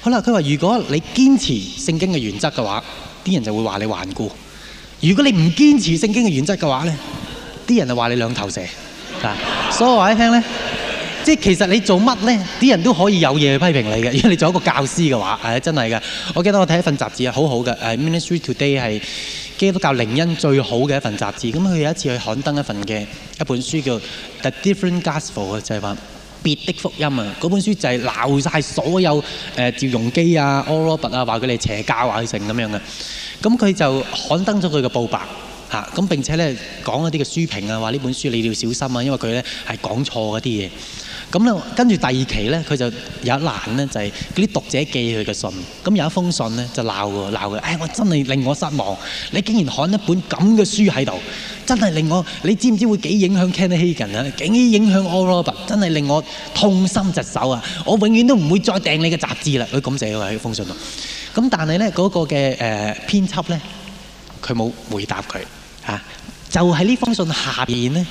好。好啦，佢話如果你堅持聖經嘅原則嘅話，啲人就會話你頑固，如果你唔堅持聖經嘅原則嘅話呢，啲人就話你兩頭蛇。所以我話一聽呢，即係其實你做乜呢？啲人都可以有嘢去批評你嘅，如果你做一個教師嘅話，係真係嘅。我記得我睇一份雜誌啊，好好嘅，《Ministry Today》係基督教靈恩最好嘅一份雜誌。咁佢、uh, 有一次去刊登一份嘅一本書叫《The Different Gospel》，就係話。別的福音啊！嗰本書就係鬧曬所有誒、呃、趙容基啊、阿羅伯啊，話佢哋邪教啊、成咁樣嘅。咁佢就刊登咗佢嘅告白。咁並且咧講一啲嘅書評啊，話呢本書你要小心啊，因為佢咧係講錯嗰啲嘢。咁咧跟住第二期咧，佢就有一欄咧，就係嗰啲讀者寄佢嘅信。咁有一封信咧就鬧佢，鬧佢誒，我真係令我失望，你竟然看一本咁嘅書喺度，真係令我，你知唔知會幾影響 Ken Higgins 啊？幾影響 Oliver？真係令我痛心疾首啊！我永遠都唔會再訂你嘅雜誌啦。佢咁寫喺封信啊。咁但係咧嗰個嘅誒編輯咧，佢冇回答佢。啊！就喺呢封信下邊呢，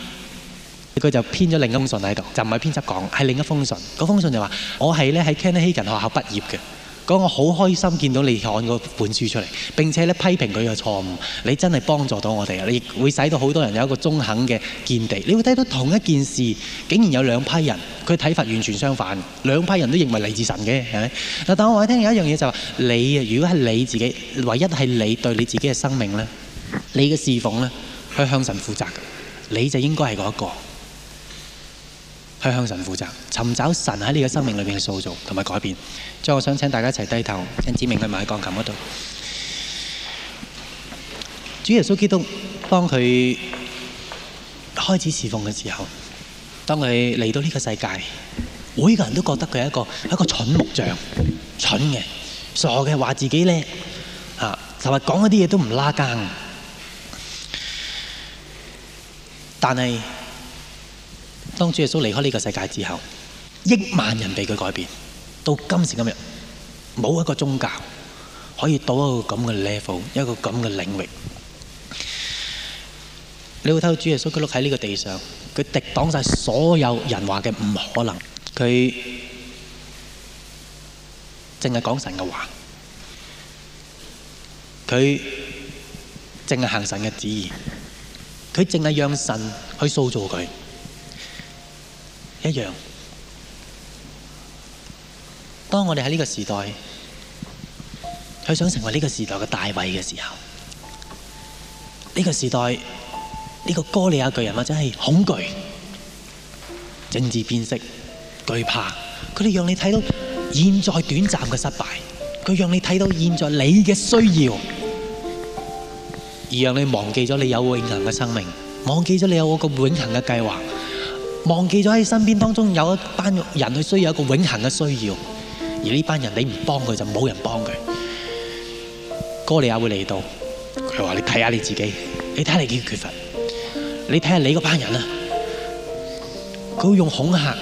佢就編咗另一封信喺度，就唔係編輯講，係另一封信。嗰封封信就話：我係咧喺 Kenneth Hagin 學校畢業嘅，講我好開心見到你看嗰本書出嚟，並且咧批評佢嘅錯誤。你真係幫助到我哋啊！你會使到好多人有一個中肯嘅見地。你會睇到同一件事，竟然有兩批人，佢睇法完全相反。兩批人都認為嚟自神嘅，係咪？但我我聽有一樣嘢就話：你如果係你自己，唯一係你對你自己嘅生命咧。你嘅侍奉咧，去向神負責，你就應該係嗰一個去向神負責，尋找神喺你嘅生命裏邊嘅塑造同埋改變。咁，我想請大家一齊低頭，請指明去埋喺鋼琴嗰度。主耶穌基督，當佢開始侍奉嘅時候，當佢嚟到呢個世界，每一個人都覺得佢係一個一個蠢木匠，蠢嘅、傻嘅，話自己叻啊，同埋講一啲嘢都唔拉更。但係，當主耶穌離開呢個世界之後，億萬人被佢改變。到今時今日，冇一個宗教可以到一個咁嘅 level，一個咁嘅領域。你會睇到主耶穌佢碌喺呢個地上，佢敵擋晒所有人話嘅唔可能，佢淨係講神嘅話，佢淨係行神嘅旨意。佢淨係讓神去塑造佢一樣。當我哋喺呢個時代，佢想成為呢個時代嘅大衞嘅時候，呢、這個時代呢、這個哥利亞巨人或者係恐懼、政治變識、懼怕，佢哋讓你睇到現在短暫嘅失敗，佢讓你睇到現在你嘅需要。而讓你忘記咗你有永恆嘅生命，忘記咗你有個永恆嘅計劃，忘記咗喺身邊當中有一班人佢需要一個永恆嘅需要，而這群，而呢班人你唔幫佢就冇人幫佢。哥利亞會嚟到，佢話你睇下你自己，你睇下你幾缺乏，你睇下你嗰班人啊，佢會用恐嚇，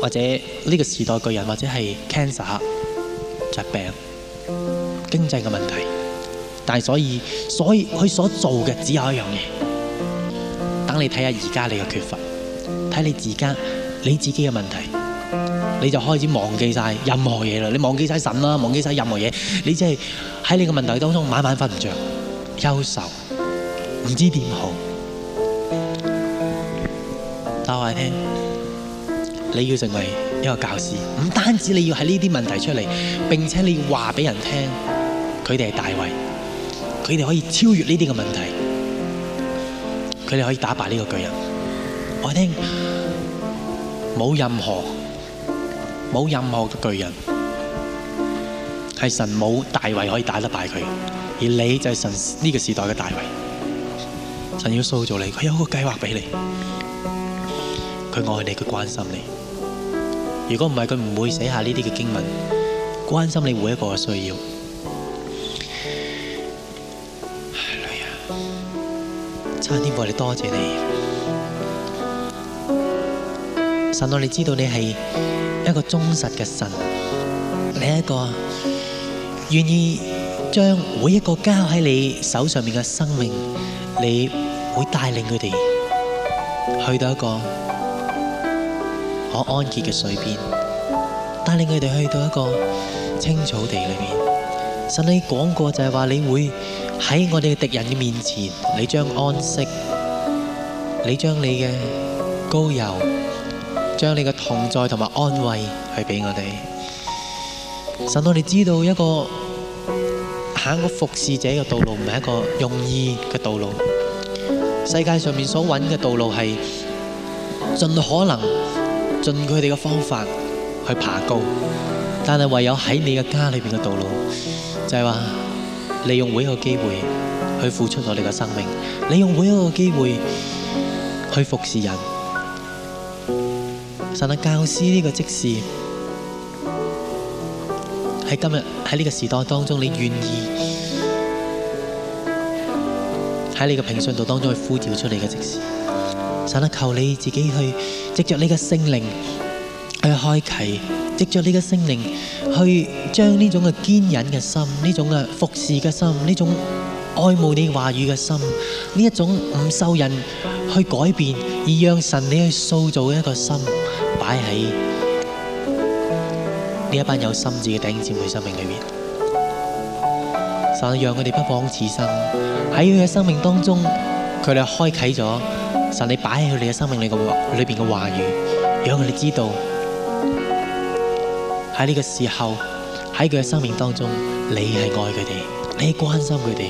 或者呢個時代巨人，或者係 cancer 疾病、經濟嘅問題。但係所以，所以佢所做嘅只有一樣嘢。等你睇下而家你嘅缺乏，睇你自家你自己嘅問題，你就開始忘記晒任何嘢啦。你忘記晒神啦，忘記晒任何嘢。你即係喺你嘅問題當中慢慢，晚晚瞓唔着，憂愁，唔知點好。但我聽，你要成為一個教師，唔單止你要喺呢啲問題出嚟，並且你要話俾人聽，佢哋係大衛。佢哋可以超越呢啲嘅問題，佢哋可以打敗呢個巨人。我聽冇任何冇任何嘅巨人，係神冇大衛可以打得敗佢，而你就係神呢個時代嘅大衛。神要塑造你，佢有個計劃俾你，佢愛你，佢關心你。如果唔係，佢唔會寫下呢啲嘅經文，關心你每一個嘅需要。多謝你，神，我哋知道你係一個忠實嘅神，你係一個願意將每一個交喺你手上面嘅生命，你會帶領佢哋去到一個可安歇嘅水邊，帶領佢哋去到一個青草地裏面。神，你講過就係話你會喺我哋嘅敵人嘅面前，你將安息。你將你嘅膏油，將你嘅同在同埋安慰，去給我哋。神，我哋知道一個行個服侍者嘅道路，唔係一個容易嘅道路。世界上面所揾嘅道路係盡可能盡佢哋嘅方法去爬高，但係唯有喺你嘅家裏面嘅道路就是說，就係話利用每一個機會去付出我哋嘅生命，利用每一個機會。去服侍人，神啊！教師呢個職事，喺今日喺呢個時代當中，你願意喺你嘅平信徒當中去呼召出嚟的職事，神啊！求你自己去藉着你嘅聖靈去開啟，藉着你嘅聖靈去將呢種堅忍的心，呢種嘅服侍的心，呢種。愛慕你話語嘅心，呢一種唔受人去改變而讓神你去塑造嘅一個心，擺喺呢一班有心志嘅頂姊妹生命裏面。神讓佢哋不枉此生，喺佢嘅生命當中，佢哋開啟咗神你擺喺佢哋嘅生命裏嘅裏邊嘅話語，讓佢哋知道喺呢個時候，喺佢嘅生命當中，你係愛佢哋。你關心佢哋，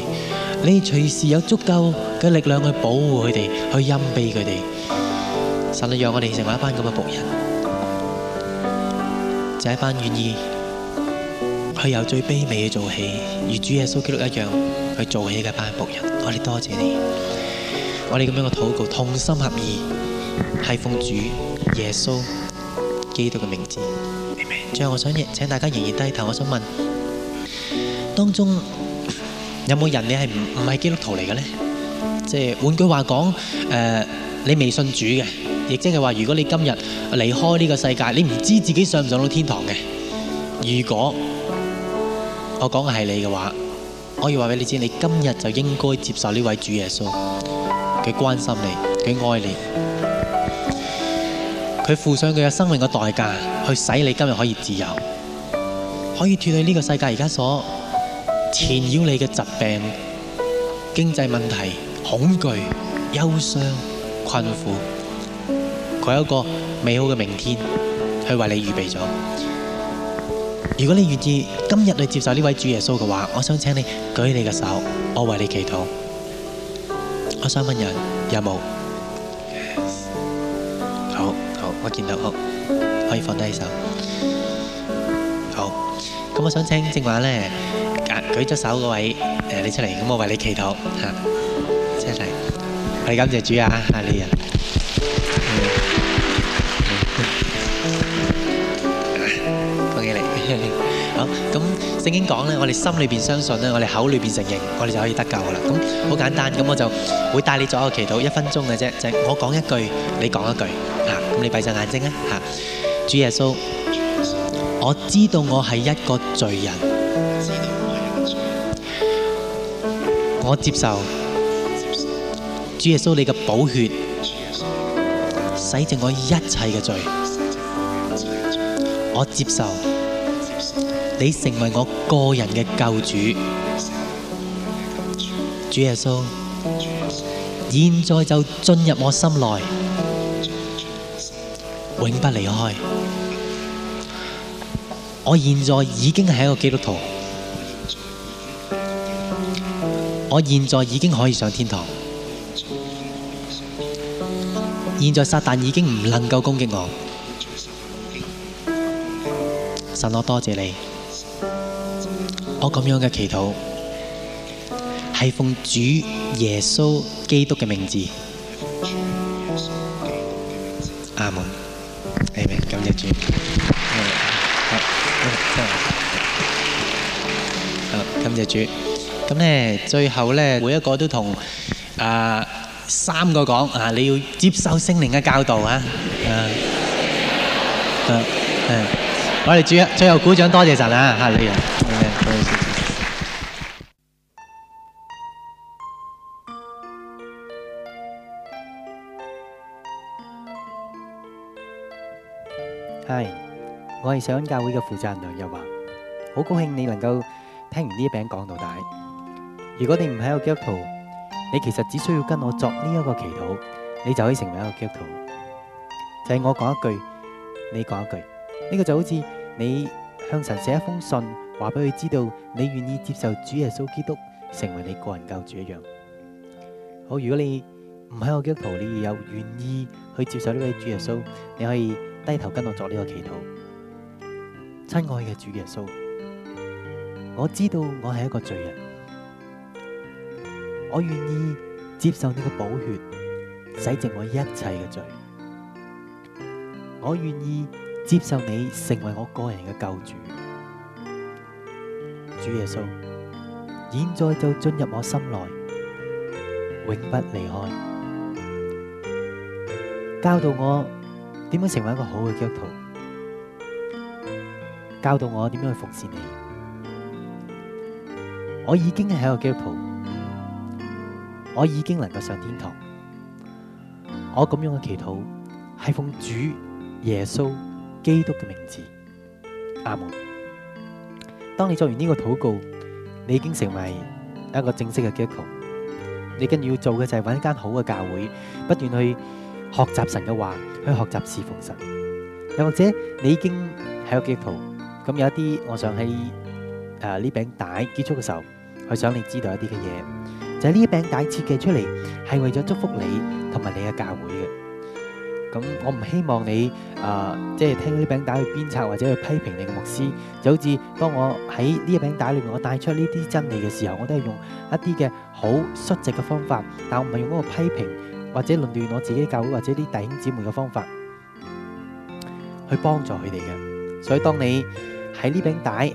你隨時有足夠嘅力量去保護佢哋，去蔭庇佢哋。神啊，讓我哋成為一班咁嘅僕人，就係一班願意去由最卑微嘅做起，如主耶穌基督一樣去做起嘅一班僕人。我哋多謝你，我哋咁樣嘅禱告，同心合意，係奉主耶穌基督嘅名字。最後，我想請大家仍然低頭，我想問當中，有冇人你係唔唔係基督徒嚟嘅呢？即係換句話講，誒、呃,你未信主嘅，亦即係話，如果你今日離開呢個世界，你唔知自己上唔上到天堂嘅。如果我講嘅係你嘅話，我要話俾你知，你今日就應該接受呢位主耶穌，佢關心你，佢愛你，佢付上佢嘅生命嘅代價，去使你今日可以自由，可以脫離呢個世界而家所。纏繞你嘅疾病、經濟問題、恐懼、憂傷、困苦，佢有一個美好嘅明天，去為你預備咗。如果你願意今日去接受呢位主耶穌嘅話，我想請你舉起你嘅手，我為你祈禱。我想問人有冇？好好，我見到好，可以放低手。好，咁我想請正話咧，舉咗手嗰位，誒，你出嚟，咁我為你祈禱，吓，出嚟，我哋感謝主啊，阿你啊，恭喜你，好，咁聖經講咧，我哋心裏邊相信咧，我哋口裏邊承認，我哋就可以得救啦。咁好簡單，咁我就會帶你做一個祈禱，一分鐘嘅啫，就係我講一句，你講一句，吓，咁你閉上眼睛啊，吓，主耶穌，我知道我係一個罪人。我接受主耶穌你嘅寶血洗淨我一切嘅罪，我接受你成為我個人嘅救主，主耶穌現在就進入我心內，永不離開。我現在已經係一個基督徒。我現在已經可以上天堂，現在撒但已經唔能夠攻擊我。神，我多謝你。我咁樣嘅祈禱係奉主耶穌基督嘅名字。阿門。阿門，感謝主。好，感謝主。咁咧，最後咧，每一個都同啊三個講啊，你要接受聖靈嘅教導啊！啊啊啊！我哋最最後鼓掌，多謝曬啦嚇你啊！係，我係社工教會嘅負責人梁日華，好高興你能夠聽完呢一篇講道。如果你唔係個基督徒，你其實只需要跟我作呢一個祈禱，你就可以成為一個基督徒。就係我講一句，你講一句，呢個就好似你向神寫一封信，話俾佢知道你願意接受主耶穌基督成為你個人救主一樣。好，如果你唔係個基督徒，你又願意去接受呢位主耶穌，你可以低頭跟我作呢個祈禱。親愛嘅主耶穌，我知道我係一個罪人。我願意接受你嘅寶血，洗淨我一切嘅罪。我願意接受你成為我個人嘅救主。主耶穌，現在就進入我心內，永不離開。教導我點樣成為一個好嘅基督徒，教導我點樣去服侍你。我已經係一個基督徒。我已經能夠上天堂。我咁樣嘅祈禱係奉主耶穌基督嘅名字，阿門。當你做完呢個禱告，你已經成為一個正式嘅基督徒。你跟住要做嘅就係揾一間好嘅教會，不斷去學習神嘅話，去學習侍奉神。又或者你已經係個基督徒，咁有一啲，我想喺誒呢餅帶結束嘅時候，佢想你知道一啲嘅嘢。就呢、係、一餅帶設計出嚟，係為咗祝福你同埋你嘅教會嘅。咁我唔希望你啊，即、呃、係、就係、聽呢餅帶去鞭策或者去批評你嘅牧師。就好似當我喺呢一餅帶裏面，我帶出呢啲真理嘅時候，我都係用一啲嘅好率直嘅方法，但我唔係用嗰個批評或者論斷我自己教會或者啲弟兄姊妹嘅方法去幫助佢哋嘅。所以當你喺呢餅帶，